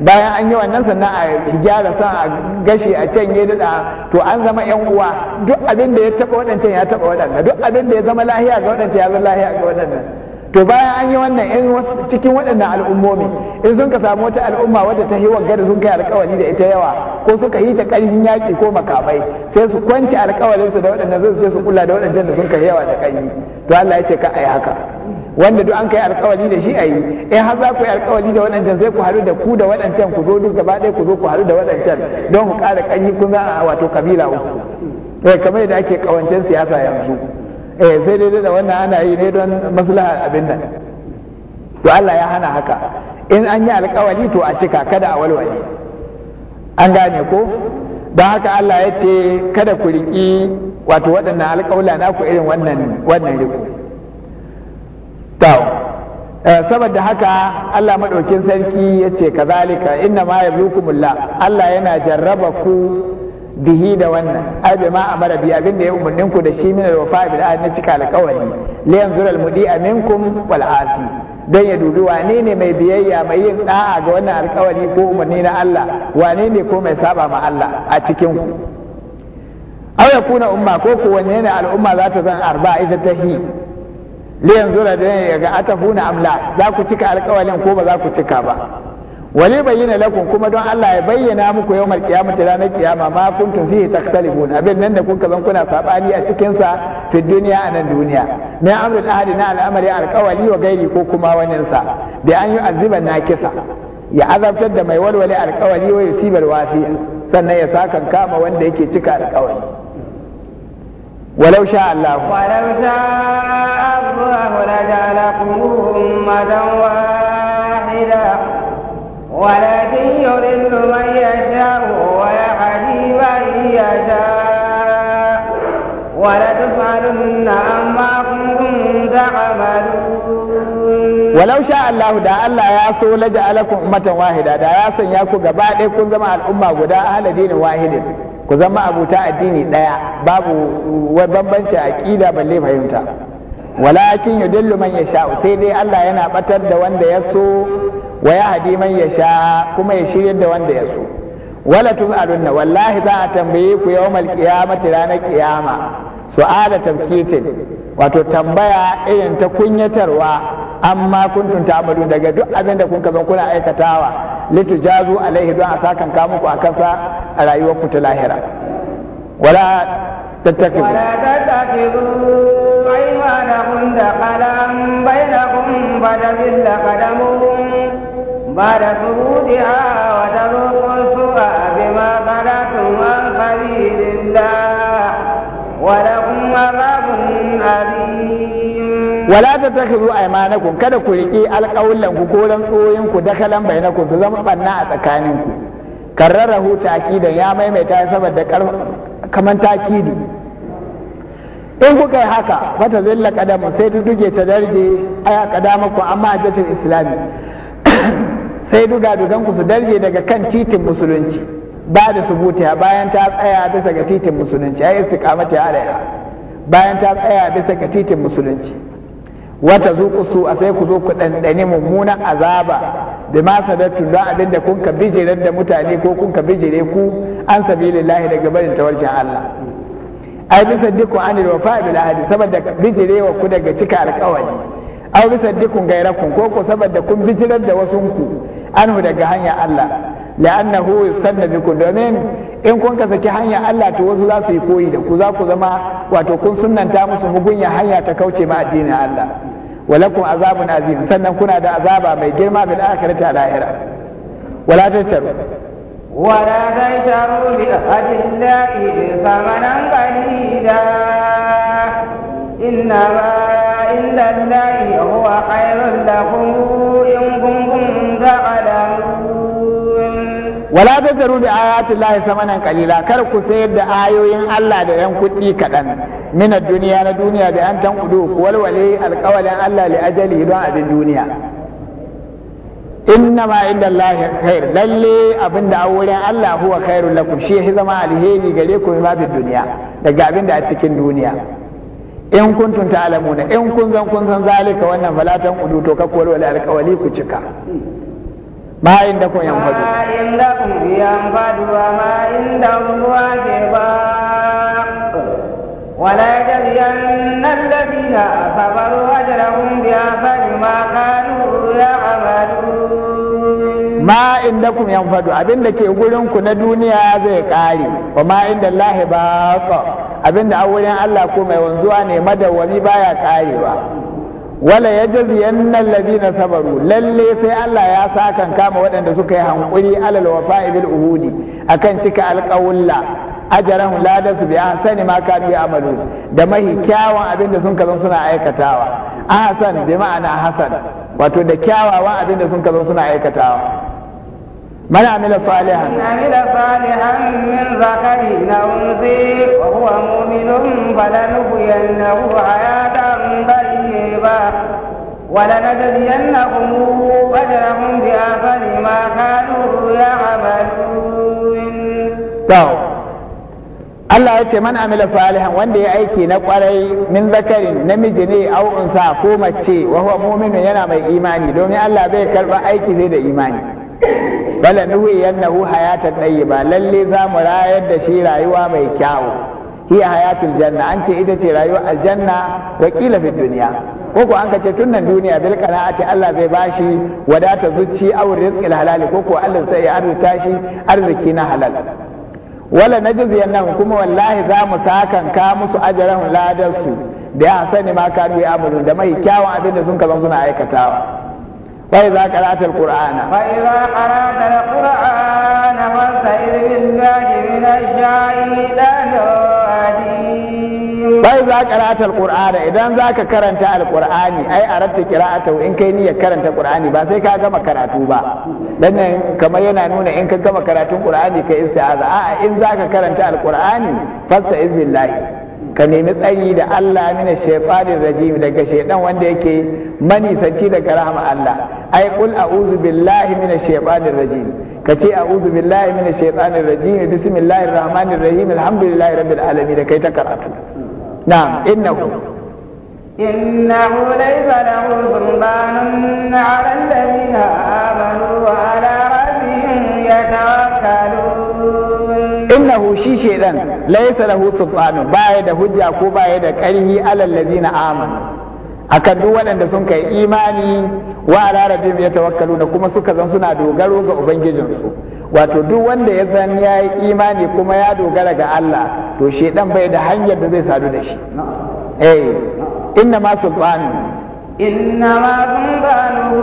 bayan an yi wannan sannan a gyara sa a gashi a canye dada to an zama yan uwa duk abin da ya taba waɗancan ya taba waɗannan duk abin da ya zama lahiya ga waɗancan ya zama lahiya ga waɗannan to bayan an yi wannan in cikin waɗannan al'ummomi in sun ka samu wata al'umma wadda ta hiwa gada sun kai alƙawari da ita yawa ko suka yi ta ƙarfin yaƙi ko makamai sai su kwanci su da waɗannan zai su je su kula da waɗancan da sun kai yawa da ƙarfi to Allah ya ce ka ai yi haka wanda duk an kai alkawari da shi ayi yi in har za ku yi alkawari da waɗancan sai ku haɗu da ku da waɗancan ku zo duk gaba ɗaya ku zo ku haɗu da waɗancan don ku ƙara ƙarfi kun za a wato kabila uku eh kamar yadda ake ƙawancen siyasa yanzu eh sai dai da wannan ana yi ne don maslaha abin nan to Allah ya hana haka in an yi alkawari to a cika kada a walwale an gane ko don haka Allah ya ce kada ku riƙi wato waɗannan alƙawla naku irin wannan wannan riko Eh, saboda haka Allah maɗaukin sarki ya ce kazalika inna ma mulla Allah yana jarraba ku bihi da wannan ai bai ma amara biya abin da ya umarnin ku da shi min alwafa bil na cika alƙawari liyan yanzur al mudi'a minkum wal asi ya dubi wane ne mai biyayya mai yin ɗa'a ga wannan alƙawari ko umarni na Allah wane ne ko mai saba ma Allah a cikin ku aw yakuna umma ko ko wanne ne al'umma za ta zan arba'a ita ta hi. liyan zura da ya ga atafuna amla za ku cika alkawalin ko ba za ku cika ba wali bayyana lakum kuma don Allah ya bayyana muku yau kiyama ta ranar kiyama ma kuntum fihi takhtalifun abin nan da kuka zan kuna sabani a cikin sa fi duniya a nan duniya na amrul ahadi na al'amari alkawali wa gairi ko kuma wanin sa bi an yi na kisa, ya azabtar da mai walwale alkawali wa yusibar wafi sannan ya sakan kama wanda yake cika alkawali ولو شاء الله ولو شاء الله لجعلكم أمة واحدة ولكن يضل من يشاء ويهدي من يشاء ولتسألن عما كنتم تعملون ولو شاء الله da Allah ya so laja alakun ummatan wahida da ya sanya ku gaba ɗaya kun zama al'umma guda ahla dinin wahidin ku zama abuta addini ɗaya babu bambanci aƙida balle fahimta walakin yudillu man yasha sai dai Allah yana batar da wanda ya so wa ya hadi man yasha kuma ya shirye da wanda ya so wala tus'alunna wallahi za a tambaye ku yawmal qiyamati ranar qiyama su'ala tabkitin wato tambaya irin ta kunyatarwa amma kuntum ta'malu daga duk abin da kun kazan kuna aikatawa litujazu alaihi don a kan ka muku akan sa a rayuwar ku ta lahira wala tattakidu wala tattakidu aymanakum da qalam bainakum badal qadamuhum ba'da thubutiha wala ta takhudhu aymanakum kada ku riƙe alƙawlan ku ko rantsoyin ku dakalan ku su zama banna a tsakanin ku karrarahu takidan ya maimaita saboda kaman takidi in kuka yi haka wata zilla kadamu sai duduge ta darje aya ku amma hajjatul islami sai duga dukan ku su darje daga kan titin musulunci ba da subutiya bayan ta tsaya bisa ga titin musulunci ai istiqamata alaiha bayan ta tsaya bisa ga titin musulunci wata zuku su a sai ku zo ku ɗanɗani mummunan azaba da ma sadattu don abin da kun ka bijirar da mutane ko kun ka bijire ku an lahi daga barin tawarkin Allah ai bisa dukkan anil wafa bil ahdi saboda bijirewa ku daga cika alƙawari Ai bisa dukkan gairakun ko ku saboda kun bijirar da wasun ku anhu daga hanya Allah la'annahu yustanna bikum domin in kun ka saki hanya Allah to wasu za su yi koyi da ku za ku zama wato kun sunnanta musu mugunya hanya ta kauce ma addinin Allah Walakun azabun azim sannan kuna da azaba mai girma bil akhirati a lahira wala tattaru ولا تشتروا بعهد الله ثمنا قليلا إنما عند الله هو خير لكم wala tazaru bi ayatul lahi samanan kalila, kar ku sayar da ayoyin Allah da yan kuɗi kaɗan min duniya na duniya da an tan ku walwale alqawlan Allah li ajali don abin duniya inna ma inda Allah khair lalle abin da wurin Allah huwa khairul lakum shi ya zama alheri gare ku ma bi duniya daga abin da a cikin duniya in kuntum ta'lamuna in kun zan kun san zalika wannan falatan kudu to kakwal walwale alqawli ku cika bayan da kun yanku ba da kun biyan fadu ba ma inda ruwa ke ba wala jaziyan nan da dina a sabar wajen kun biya sani ma kanu ya amadu ma da kun yanku fadu abin da ke gurin ku na duniya zai kare ba ma da lahi ba ka abin da a wurin allah ko mai wanzuwa ne madawwami ya karewa wala ya jazi yannan lazina sabaru lalle sai Allah ya sakan kama waɗanda suka yi hankuri alal wafa'i bil uhudi akan cika alƙawulla ajaran lada su biya sani ma kanu ya amalu da mahi kyawun abin da sun kazan suna aikatawa ahsan bi ma'ana hasan wato da kyawawan abin da sun kazan suna aikatawa من عمل صالحا من عمل صالحا من ذكر أو أنثى وهو مؤمن فلنحيينه حياة طيبة ولنجزينهم أجرهم بأحسن ما كانوا يعملون Allah ya ce man amila salihan wanda ya aiki na kwarai min zakarin namiji ne au unsa ko mace wa huwa mu'minun yana mai imani domin Allah bai karba aiki zai da imani bala nuhi yannahu hayatan tayyiba lalle za mu rayar da shi rayuwa mai kyau hiya hayatul janna an ce ita ce rayuwar aljanna wa qila fid dunya ko ko an ka ce tunan duniya bil qana'ati Allah zai bashi wadata zuci aw rizqil halali ko ko Allah zai arzuta shi arziki na halal wala najziyan nan kuma wallahi za mu sakan ka musu ajran ladan su da ya sani ma kanu ya amuru da mai kyawun abin da sun kazan suna aikatawa فإذا قرأت القرآن alqur'ana wa sa'ir فاستعذ بالله من الشيطان bai za qara'ata alqur'ana idan zaka karanta alqur'ani ai aratta qira'atahu in kai niyyar karanta qur'ani ba sai ka gama karatu ba dan nan kamar yana nuna in ka gama karatun qur'ani kai isti'aza a'a in zaka karanta alqur'ani fasta'iz billahi ka nemi tsari da Allah mina shaytanir rajim daga shaydan wanda yake manisanci daga rahama Allah ai qul a'udhu billahi minash shaytanir rajim kace a'udhu billahi minash shaytanir rajim bismillahir rahmanir rahim alhamdulillahi rabbil alamin da kai ta karatu نعم إنه إنه ليس له سلطان على الذين آمنوا وعلى ربهم يتوكلون إنه شي شيئا ليس له سلطان بايد هجة كوبايد كره على الذين آمنوا akan duk waɗanda sun kai imani wa ala tawakkalu da kuma suka zan suna dogaro ga ubangijinsu wato duk wanda ya zan ya yi imani kuma ya dogara ga Allah to dan bai da hanyar da zai sadu da shi eh inna ma subhanu inna ma subhanu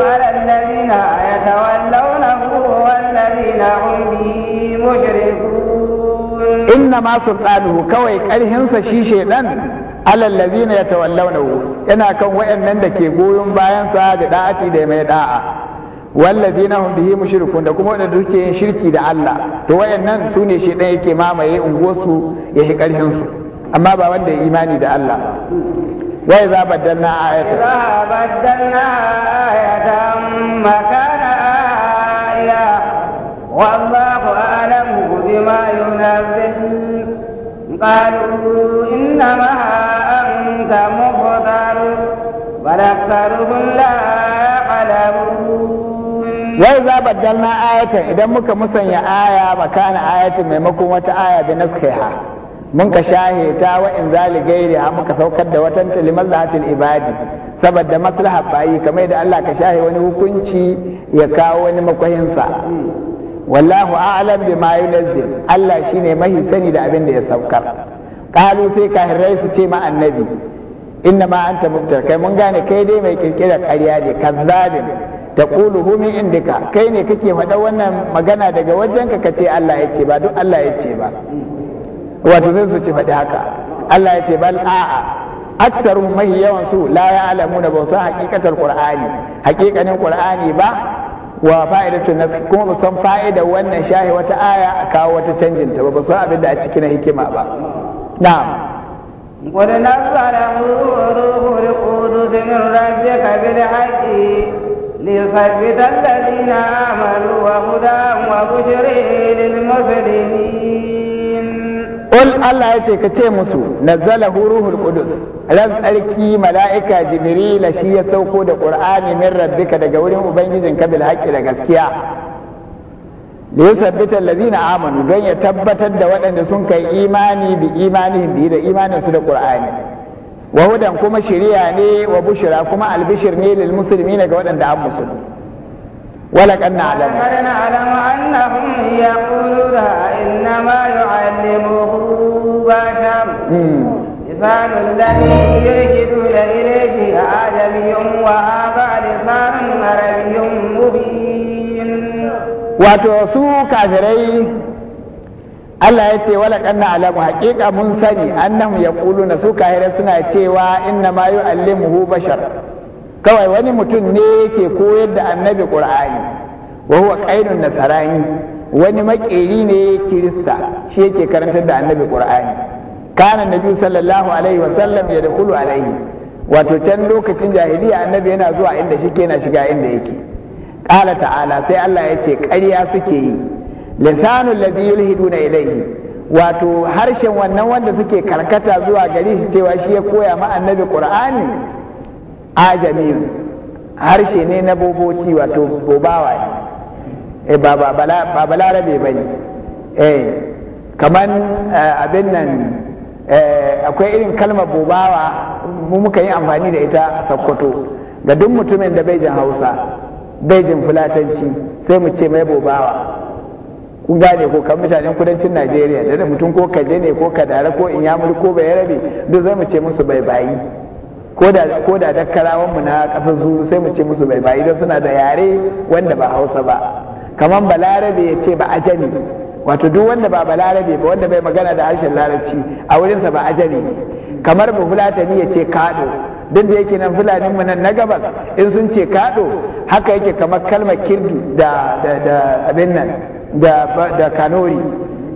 ala alladhina yatawallawnahu walladhina hum bi mushrikun inna ma subhanu kawai karhinsa shi shedan alal ladina yatawallawnahu yana kan wayannan da ke goyon bayan sa da da'ati da mai da'a wallazina hum bihi mushrikun da kuma wadanda suke yin shirki da Allah to wayannan su ne shi ɗaya yake mamaye unguwarsu ya yi karhin su amma ba wanda ya imani da Allah wa iza badalna ayatan badalna ayatan makana aya wallahu a'lamu bima yunzil قالوا إنما أنت مفتر ولأكثرهم لا يعلمون وإذا idan muka musanya aya مسني آية maimakon wata ميمكم mun ka shahe ta wa in zali gairi a muka saukar da watan zahatul ibadi saboda maslaha bayi kamar da Allah ka shahe wani hukunci ya kawo wani makwahinsa wallahu a'lam bima yunazzil Allah shine mahi sani da abin da ya saukar kalu sai kahirai su ce ma annabi inna ma anta mubtar kai mun gane kai dai mai kirkira ƙarya ne kazzabin taqulu humi indika kai ne kake faɗa wannan magana daga wajenka kace Allah yace ba duk Allah yace ba wato sai su ce faɗi haka Allah yace bal a'a aksaru mahi yawan su la ya'lamuna ba su hakikatar qur'ani hakikanin qur'ani ba wa fa'idatun nas kuma ba san fa'idar wannan shahi wata aya a kawo wata canjin ta ba ba san abin da a cikin hikima ba na'am قد نزله روح القدس من ربك بالحق ليثبت الذين امنوا وهدى وبشر للمسلمين Ƙul Allah ya ce ka ce musu nazzala ruhul qudus ran tsarki mala'ika jibrila shi ya sauko da qur'ani min rabbika daga wurin ubangijin ka bil da gaskiya da ya sabbita allazina amanu don ya tabbatar da waɗanda sun kai imani bi imanihim bi da imanin su da qur'ani wa hudan kuma shiriya ne wa Bushira kuma albishir ne lil muslimina ga waɗanda an musulmi ولقد نعلم ولقد نعلم أنهم Wato يعلمه بشر لسان الذي يرشدون Allah ya ce wala kanna alamu haƙiƙa mun sani annahu na su kahira suna cewa inna ma yu'allimuhu bashar kawai wani mutum ne ke koyar da annabi qur'ani wa huwa qainun nasarani wani makeri ne kirista shi yake karantar da annabi qur'ani kana nabi sallallahu alaihi wa sallam ya dukulu alaihi wato can lokacin jahiliya annabi yana zuwa inda shi ke na shiga inda yake qala ta'ala sai Allah ya ce ƙarya suke yi lisanul ladhi yulhiduna ilaihi wato harshen wannan wanda suke karkata zuwa gare shi cewa shi ya koya ma annabi qur'ani ajami harshe ne na boboci wato bobawa ne E ba ba ba balarabe ba ne eh kaman eh, abin nan eh, akwai irin kalmar bobawa mu muka yi amfani da ita a sakkwato ga duk mutumin da bai hausa bai jin fulatanci sai mu ce mai bobawa kun gane ko kan mutanen kudancin najeriya da da mutum ko kaje ne ko kadara ko in inyamuri ko bai rabe duk zai mu ce musu bai bayi ko da dakkarawanmu na ƙasar zuru sai mu ce musu bai bayi don suna da yare wanda ba hausa ba kamar balarabe ya ce ba ajami wato duk wanda ba balarabe ba wanda bai magana da harshen larabci a wurinsa ba ajami ne kamar ba fulatani ya ce kaɗo duk da yake nan fulanin mu nan na gabas in sun ce kaɗo haka yake kamar kalmar kirdu da da abin nan da kanori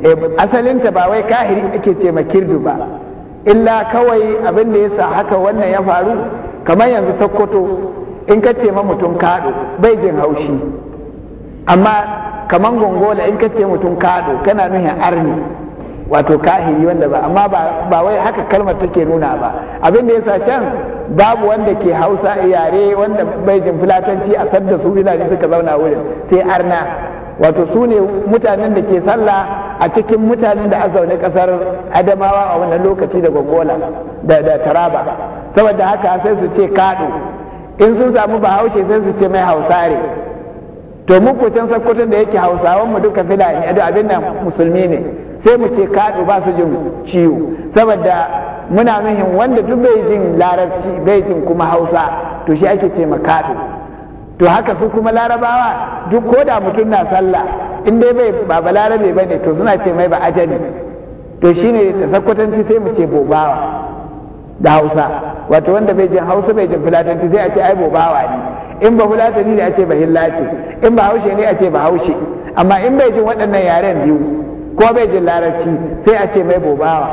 eh, asalinta ba wai kahiri ake ce ma kirdu ba illa kawai abin da sa haka wannan ya faru kamar yanzu sokoto in ka ce ma mutum kaɗo bai jin haushi amma kamar gongola in ka ce mutum kado kana nuhin arni wato kahiri wanda ba amma ba wai haka kalmar take nuna ba abin da yasa can babu wanda ke hausa yare wanda bai jin fulatanci a sadda su bilani suka zauna wurin sai arna wato su ne mutanen da ke sallah a cikin mutanen da zaune kasar adamawa a wannan lokaci da gongola da, da taraba saboda haka sai su ce kaɗo in sun samu bahaushe sai su ce mai hausare to mu ko can sakkwato da yake hausawan mu duka filani adu abin da musulmi ne sai mu ce kaɗu ba su jin ciwo saboda muna nuhin wanda duk bai jin larabci bai jin kuma hausa to shi ake ce ma kaɗu to haka su kuma larabawa duk ko da mutum na sallah in dai bai ba balarabe ba ne to suna ce mai ba ajabi to shine da sakkwatanci sai mu ce bobawa da hausa wato wanda bai jin hausa bai jin fulatanci sai a ce ai bobawa ne in ba fulatani ne a ce bahilla ce in ba haushe ne a ce ba haushe amma in bai jin waɗannan yaren biyu ko bai jin larabci sai a ce mai bobawa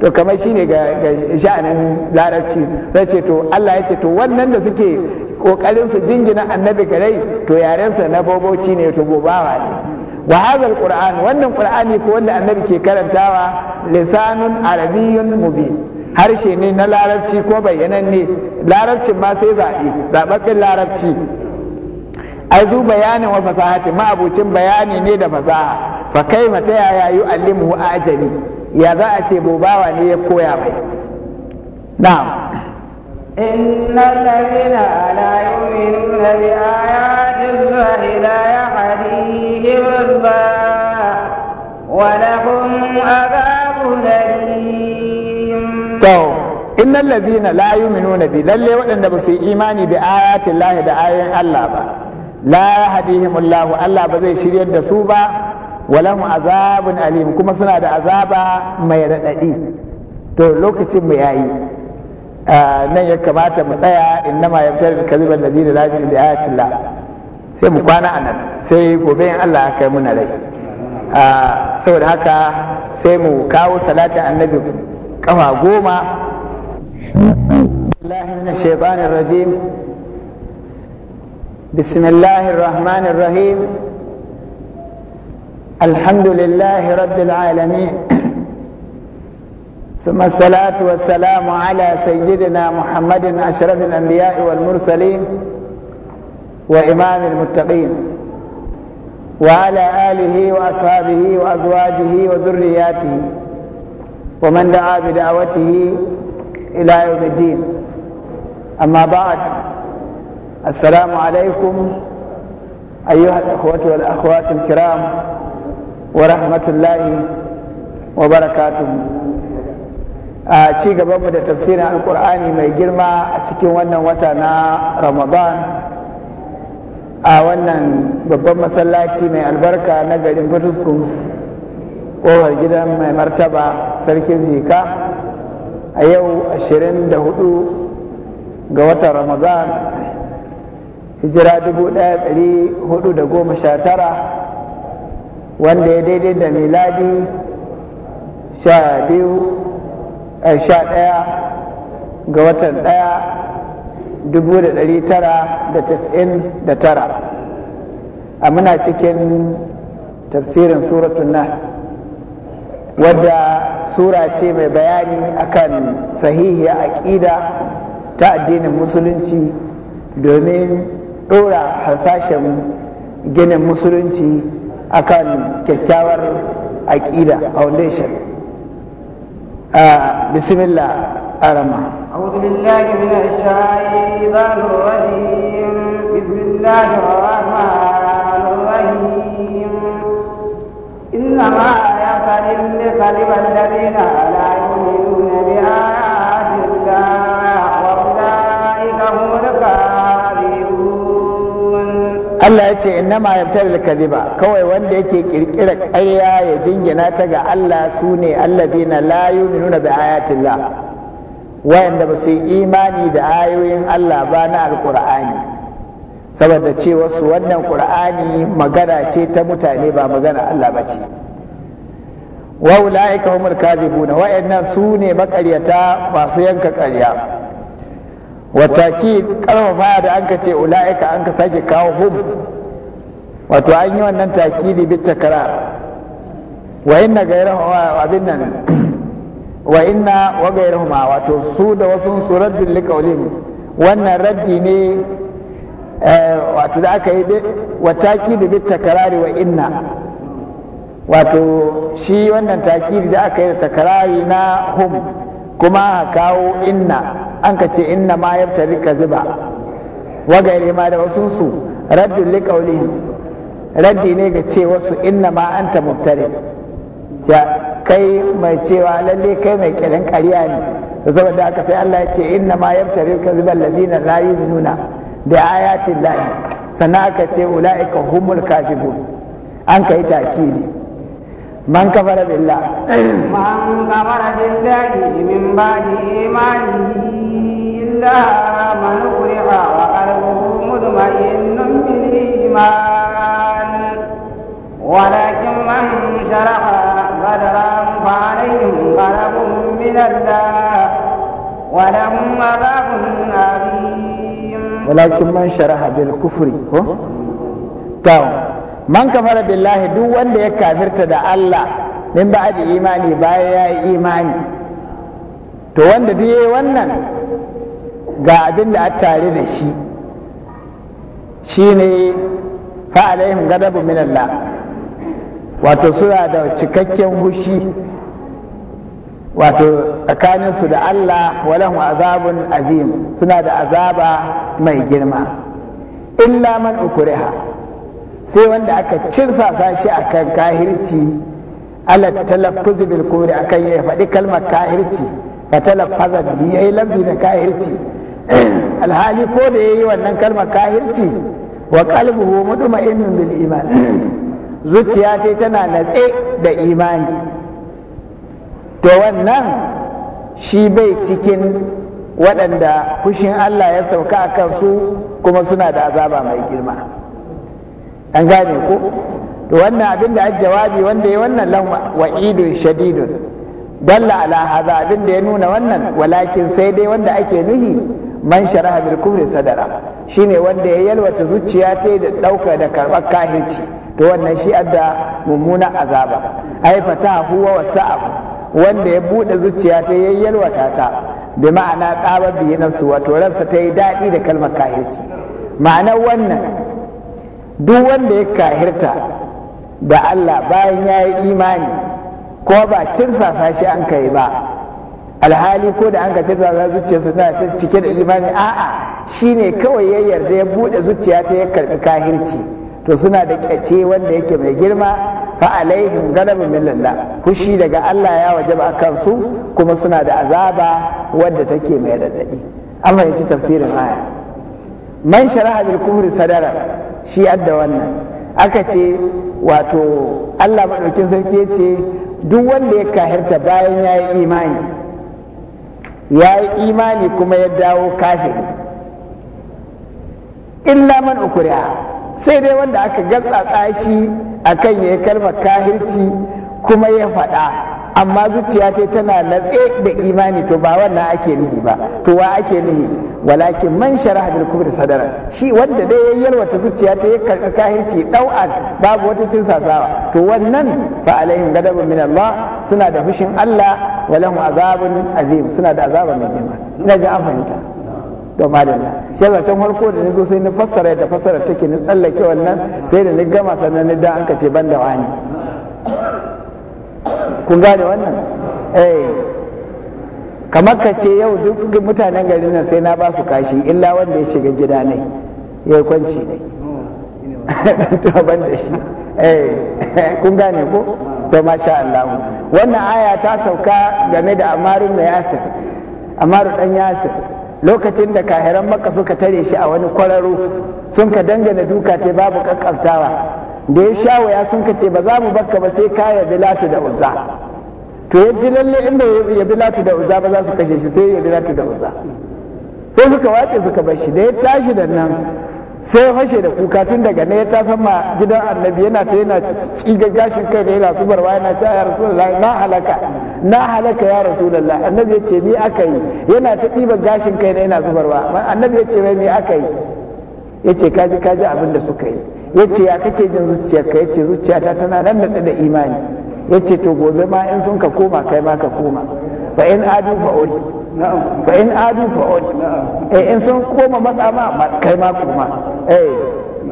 to kamar shine ga sha'anin larabci sai ce to Allah ya ce to wannan da suke kokarin su jingina annabi garai to yarensa na boboci ne to bobawa ne wa hadha alquran wannan qur'ani ko wanda annabi ke karantawa lisanun arabiyyun mubin harshe ne na larabci ko ne larabcin ma sai zaɓe zaɓaɓɓen larabci ai zu bayanin wa fasahati ma'abucin bayani ne da fasaha fa kai mata yaya yu allimu ajami ya za a ce bobawa ne ya koya mai na'am إن الذين لا يؤمنون بآيات الله لا يهديهم الله ولهم عذاب أليم to innal ladina la yu'minuna bi lalle waɗanda ba su yi imani bi ayati da ayoyin Allah ba la yahdihimullahu Allah ba zai shiryar da su ba walahum azabun alim kuma suna da azaba mai radadi to lokacin mu yayi nan ya kamata mu tsaya innama yabtar kaziba ladina la yu'minuna bi ayati sai mu kwana anan sai gobe in Allah ya kai mu na rai saboda haka sai mu kawo salatin annabi كما قوما الله من الشيطان الرجيم بسم الله الرحمن الرحيم الحمد لله رب العالمين ثم الصلاة والسلام على سيدنا محمد أشرف الأنبياء والمرسلين وإمام المتقين وعلى آله وأصحابه وأزواجه وذرياته ومن دعا بدعوته إلى يوم الدين أما بعد السلام عليكم أيها الأخوة والأخوات الكرام ورحمة الله وبركاته ci gabanmu da tafsirin alkur'ani mai girma a cikin wannan wata na ramadan a wannan babban masallaci mai albarka na garin fatuskun kofar gidan mai martaba sarkin jika a yau 24 ga watan ramadan hijira 1419 wanda ya daidai da miladi 11 eh, ga watan 1 1999 a muna cikin tafsirin suratun nan wadda sura ce mai bayani akan sahihiyar aƙida ta addinin musulunci domin ɗora harsashen ginin musulunci akan kyakkyawar aƙida foundation bismillah arama أعوذ بالله من الشيطان الرجيم بسم الله الرحمن الرحيم إنما يفعل كذب الذين لا يؤمنون بآيات الله وأولئك هم الكاذبون Allah ya ce ma yabtar da kaziba kawai wanda yake kirkira ƙarya ya jingina ta ga Allah su ne allazina la yu'minuna bi ayatillah wayanda ba su yi imani da ayoyin Allah ba na alqur'ani saboda cewa su wannan ƙur'ani magana ce ta mutane ba magana Allah ba ce wa ula'ika humul kadhibuna wa'annan su ne makaryata masu yanka ƙarya wataki karfafa da an ce ula'ika an sake kawo hum wato an yi wannan takidi bit takara wa inna gairahum abin nan wa inna wa wato su da wasu su wannan raddi ne eh, wato da aka yi wa wa inna wato shi wannan takiri da aka yi da takarari na hum kuma kawo inna an ka ce inna ma yabtari zuba. wa gairi ma da wasu su raddin Likauli, raddi ne ga ce wasu inna ma anta mubtari kai mai cewa lalle kai mai kirin ƙarya ne da saboda aka sai Allah ya ce inna ma yabtari kaziba allazina la yu'minuna da ayatin lahi sannan aka ce ulaika humul kazibun an ka yi takiri من كفر بالله من كفر بالله من بعد إيمانه إلا من أكره وقلبه مطمئن بالإيمان ولكن من شرح بدرا فعليهم غضب من الله ولهم عذاب عظيم ولكن من شرح بالكفر هو؟ man kafara billahi duk wanda ya kafirta da Allah min ba da imani baya ya yi imani to wanda duk yayi wannan ga abin da a tare da shi shine fa alaihim gadabu min Allah wato suna da cikakken hushi wato tsakaninsu da Allah walahu azabun azim suna da azaba mai girma illa man ukuriha sai wanda aka cirsasa shi kan kahirci ala talaffuzi bil akan ya faɗi kalmar kahirci fa talaffaza bihi yayi lafzi da kahirci alhali ko da yayi wannan kalmar kahirci wa qalbuhu mudma'innun bil iman zuciya ce tana natse da imani to wannan shi bai cikin waɗanda fushin Allah ya sauka a kansu kuma suna da azaba mai girma an gane ko to wannan abin da jawabi wanda ya wannan lan wa'idun shadidun dalla ala hadha abin da ya nuna wannan walakin sai dai wanda ake nuhi man sharaha bil kufri sadara shine wanda ya yalwata zuciya ta da dauka da karbar kahirci to wannan shi adda mummuna azaba ai fataha huwa wasa'ahu wanda ya bude zuciya ta ya yalwata ta bi ma'ana qaba bihi nafsu wato ransa ta yi dadi da kalmar kahirci ma'anar wannan duk wanda ya kahirta da Allah bayan ya yi imani ko ba cirsasa shi an kai ba alhali ko da an ka cirsasa zuciyarsa tana ta cike da imani a'a shine kawai ya yarda ya bude zuciya ta ya karbi kahirci to suna da ƙyace wanda yake mai girma fa alaihim gadabun min lillah fushi daga Allah ya wajaba akan su kuma suna da azaba wanda take mai radadi an fahimci tafsirin aya man sharaha bil kufri sadara shi yadda wannan aka ce wato Allah maɗaukin sarki ya ce duk wanda ya kahirta bayan ya yi imani ya yi imani kuma ya dawo kahiri. in man ukuriya sai dai wanda aka gatsatsa shi kan ya yi kalmar kahirci kuma ya faɗa amma zuciya ta tana latse da imani to ba wannan ake nihi ba to wa ake nihi walakin man sharaha bil kubri sadara shi wanda dai ya yalwata zuciya ta ya kahirci dau'an babu wata sasawa to wannan fa alaihim gadabun min Allah suna da fushin Allah wa lahum azabun azim suna da azaba mai girma ina ji an fahimta to madalla shi yasa can farko da nazo sai na fassara da fassara take ni tsallake wannan sai da ni gama sannan ni da an ce banda wani kun gane wannan eh kamar ka ce yau duk mutanen garin nan sai na ba su kashi illa wanda ya shiga gida ne ya yi kwanci ne to ban da shi eh, kun gane ko to masha Allah wannan aya ta sauka game da amaru mai yasir amaru dan yasir lokacin da kahiran makka suka tare shi a wani kwararo sun ka dangana duka ta babu kakkartawa da ya sha ya sun ka ce ba za mu bakka ba sai ka yabi latu da uzza to ya ji lalle inda ya bi latu da uza ba za su kashe shi sai ya bi latu da uza sai suka wace suka bar shi da ya tashi da nan sai ya fashe da kuka tun daga ne ya ta sama gidan annabi yana ta yana ciga gashin kai da yana zubarwa yana ta ya rasulullah na halaka na halaka ya rasulullah annabi ya ce me aka yi yana ta ɗiba gashin kai da yana zubarwa annabi ya ce mai me aka yi ya ce kaji kaji abin da suka yi ya ce ya kake jin zuciyarka ya ce zuciyata tana nan natsa da imani ya ce to gobe ma in sun ka koma kai ma ka koma fa in adu fa'ud fa in adu fa'ud eh in sun koma matsa ma kai ma koma eh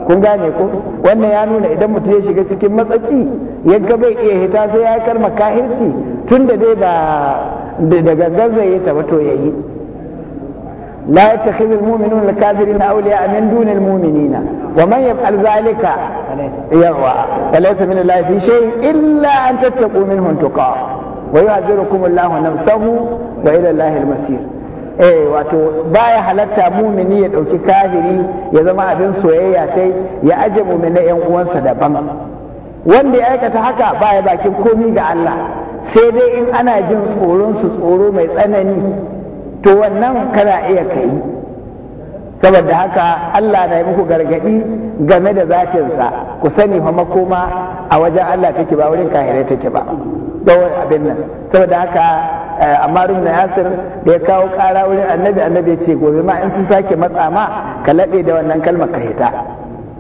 kun gane ko wannan ya nuna idan mutum ya shiga cikin matsaci yanka bai iya hita sai ya karma kahirci tun da dai ba da gangan zai yi ta to ya yi لا يتخذ المؤمنون الكافرين أولياء من دون المؤمنين ومن يفعل ذلك يغوى فليس من الله في شيء إلا أن تتقوا منهم تقى ويعذركم الله نفسه وإلى الله المسير eh wato baya halatta mumini ya ɗauki kafiri ya zama abin soyayya ta ya aje mumini yan uwansa daban wanda ya aikata haka baya bakin komi ga Allah sai dai in ana jin tsoron su tsoro mai tsanani to wannan kana iya kai saboda haka Allah na yi muku gargadi game da zatinsa ku sani fa makoma a wajen Allah take ba wurin kahirai take ba dawon abin nan saboda haka eh, amma na yasir da ya kawo kara wurin annabi annabi ya ce gobe ma in su sake matsa ma ka laɓe da wannan kalmar ka hita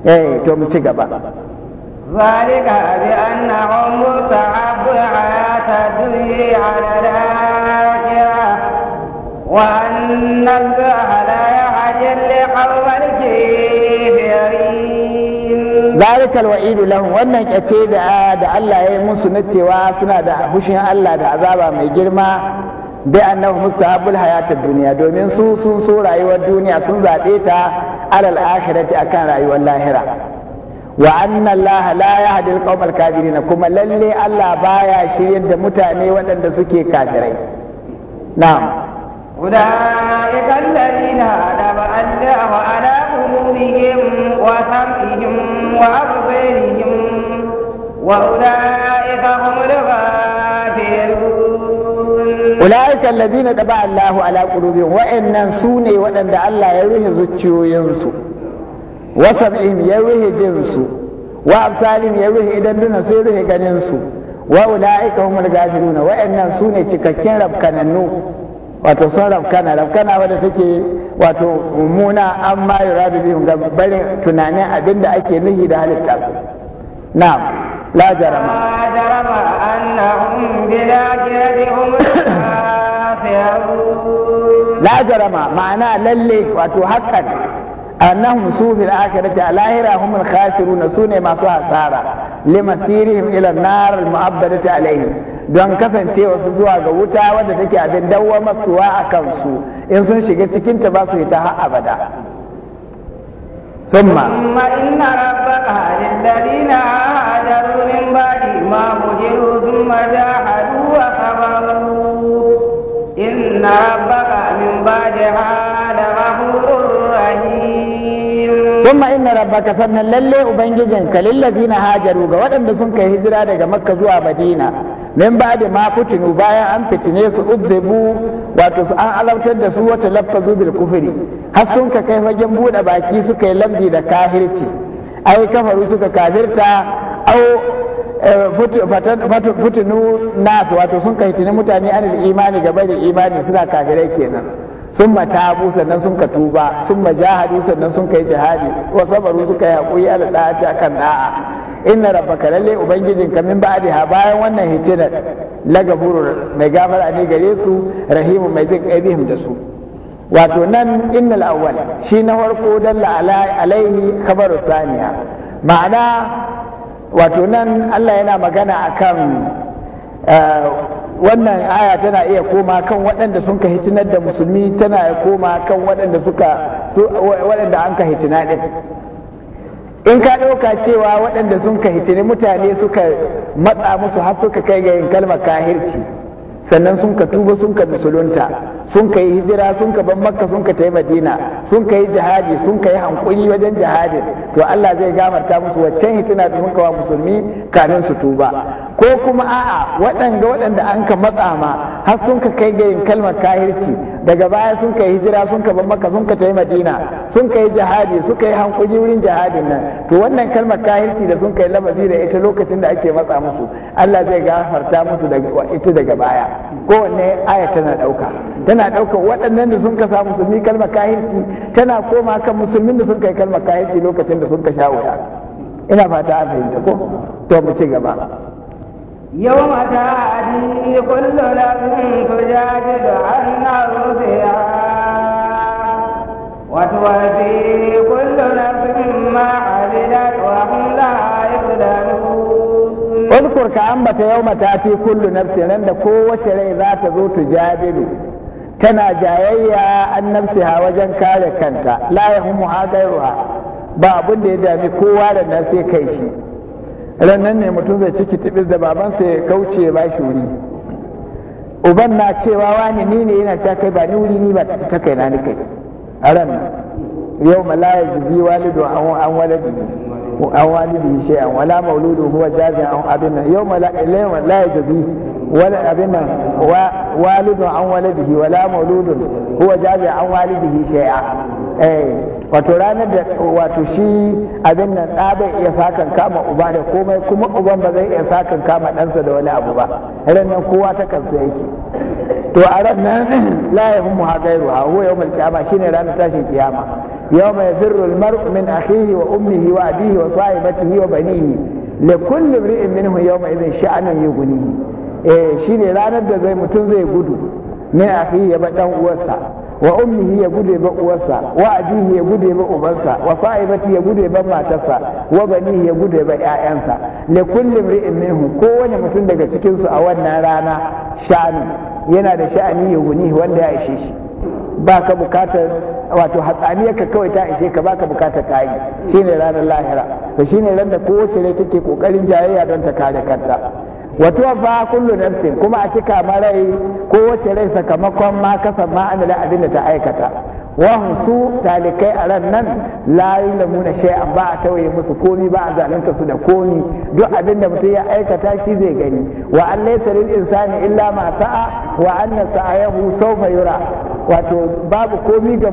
eh to mu ci gaba bi annahum zalikal wa'idu lahum wannan kyace da da Allah ya yi musu na cewa suna da hushin Allah da azaba mai girma bi annahu mustahabul hayatid duniya domin su sun so rayuwar duniya sun zabe ta alal akhirati akan rayuwar lahira wa anna Allah la yahdi al kuma lalle Allah baya shiryar da mutane waɗanda suke kafirai na'am أولئك الذين أنعم الله على قلوبهم وسمعهم وأبصيرهم وأولئك هم أولئك الذين تبع الله على قلوبهم وإن سوني وإن دع الله يروه زجو ينسو وسمعهم يروه جنسو وأبصارهم يروه إذن دون سيروه جنسو وأولئك هم الغافلون وإن wa'annan تككين cikakken rabkanannu wato sun rafkana rafkana wadda take wato mummuna an ma yuradu bihim ga barin tunanin abinda da ake nuhi da halitta su na'am la jarama la jarama annahum bi lakiratihum la jarama ma'ana lalle wato hakan annahum su fil akhirati alahira hum al khasirun sune masu hasara limasirihim ila an-nar al-mu'abbadati alaihim don kasancewa su zuwa ga wuta wadda take abin dawwama masuwa a kansu in sun shiga cikin ta ba su yi ta har abada summa amma inna rabbaka lilladina hajaru min ba'di ma mujiru thumma jahadu wa sabaru inna rabbaka min ba'diha rabbaka sannan lalle ubangijin lillazina hajaru ga waɗanda sun kai hijira daga makka zuwa madina min ba da ma fitinu bayan an fitine su udhibu wato su an azabtar da su wata lafazu bil kufri har sun ka kai fagen buɗe baki su kai lamzi da kafirci ai kafaru suka kafirta au eh, fitinu nasu wato sun kai tuni mutane anil imani ga bari imani suna kafirai kenan sun matabu sannan sun ka tuba sun jahadu sannan sun kai jihadi wa sabaru suka yi haƙuri ala a kan da'a inna rabbaka lalle ubangijin ka min ha bayan wannan hitinar la gafurur mai gafara ne gare su rahimu mai jin kaibihim da su wato nan innal awwal shi na farko dalla alaihi khabaru saniya ma'ana wato nan Allah yana magana akan eh, wannan aya tana iya koma kan waɗanda sun ka hitinar da musulmi tana iya koma kan waɗanda suka waɗanda an ka hitina ɗin in ka ɗauka cewa waɗanda sun ka hitini mutane suka matsa musu har suka kai ga yin kalmar kahirci sannan sun ka tuba sun ka musulunta sun ka yi hijira sun ka ban makka sun ka yi madina sun ka yi jihadi sun ka yi hankuri wajen jihadin to Allah zai gafarta musu waccan hitina da sun kawa musulmi kamin su tuba ko kuma a'a waɗanga waɗanda an ka matsa ma har sun ka kai gayin kalmar kahirci daga baya sun ka hijira sun ka maka sun ka tafi madina sun ka yi jihadi ka yi hankuli wurin jihadin nan to wannan kalmar kahirci da sun ka yi lafazi da ita lokacin da ake matsa musu Allah zai gafarta musu daga ita daga baya kowanne aya tana ɗauka tana ɗauka waɗannan da sun ka sa musulmi kalmar kahirci tana koma kan musulmin da sun ka yi kalmar kahirci lokacin da sun ka sha wuta ina fata a fahimta ko to mu ci gaba يوم تأتي كل نفس تجادل عن نفسها وتوفي كل نفس ما عملت وهم لا يظلمون اذكر كأنبة يوم تأتي كل نفس عند قوة rai za ta zo tujadilu tana jayayya an nafsiha wajen kare kanta la yahummu ba abin da ya dami kowa da nan sai kai ranar ne mutum zai ciki tibis da babansa ya kauce ba shi wuri uban na cewa wani ni ne yana cewa kai ba ni wuri ni ba ta kai na ni a ran yau malaya jibi walidu an waladi an walidi shay'an wala mauludu huwa jazi an abin nan yawma la yawma la yajzi wala abin nan wa walidu an waladihi wala mauludun huwa jazi an walidihi shay'a eh wato ranar da wato shi abin nan ɗa bai iya sakan kama uba da komai kuma uban ba zai iya sakan kama ɗansa da wani abu ba ran nan kowa ta kansa yake to a ran nan la yahummu ha gairuha huwa yawmal qiyamah shine ranar tashin kiyama yawma yafirru al-mar'u min akhihi wa ummihi wa abihi wa sahibatihi wa banihi li kulli imri'in minhum yawma idhin sha'anun yughnihi eh shine ranar da zai mutum zai gudu min akhihi ya ba dan uwarsa wa ummihi ya gude ba uwarsa wa abihi ya gude ba ubansa wa sa'ibati ya gude ba matarsa wa bani ya gude ba ƴaƴansa li kulli imri'in minhu kowane mutum daga cikin su a wannan rana sha'ani yana da sha'ani ya guni wanda ya ishe shi ka bukatar wato hatsaniyar ka kawai ta ishe ka baka bukatar kayi shine ranar lahira to shine ranar da kowace rai take kokarin jayayya don ta kare kanta wato fa kullu nafsin kuma a cika marai ko wace rai sakamakon ma kasan ma amila abin da ta aikata wa su talikai a ran nan da yulamuna shay'an ba a tawaye musu komi ba a zalunta su da komi duk abin da mutum ya aikata shi zai gani wa an laysa lil insani illa ma sa'a wa anna sa'ayahu sawfa yura wato babu komi ga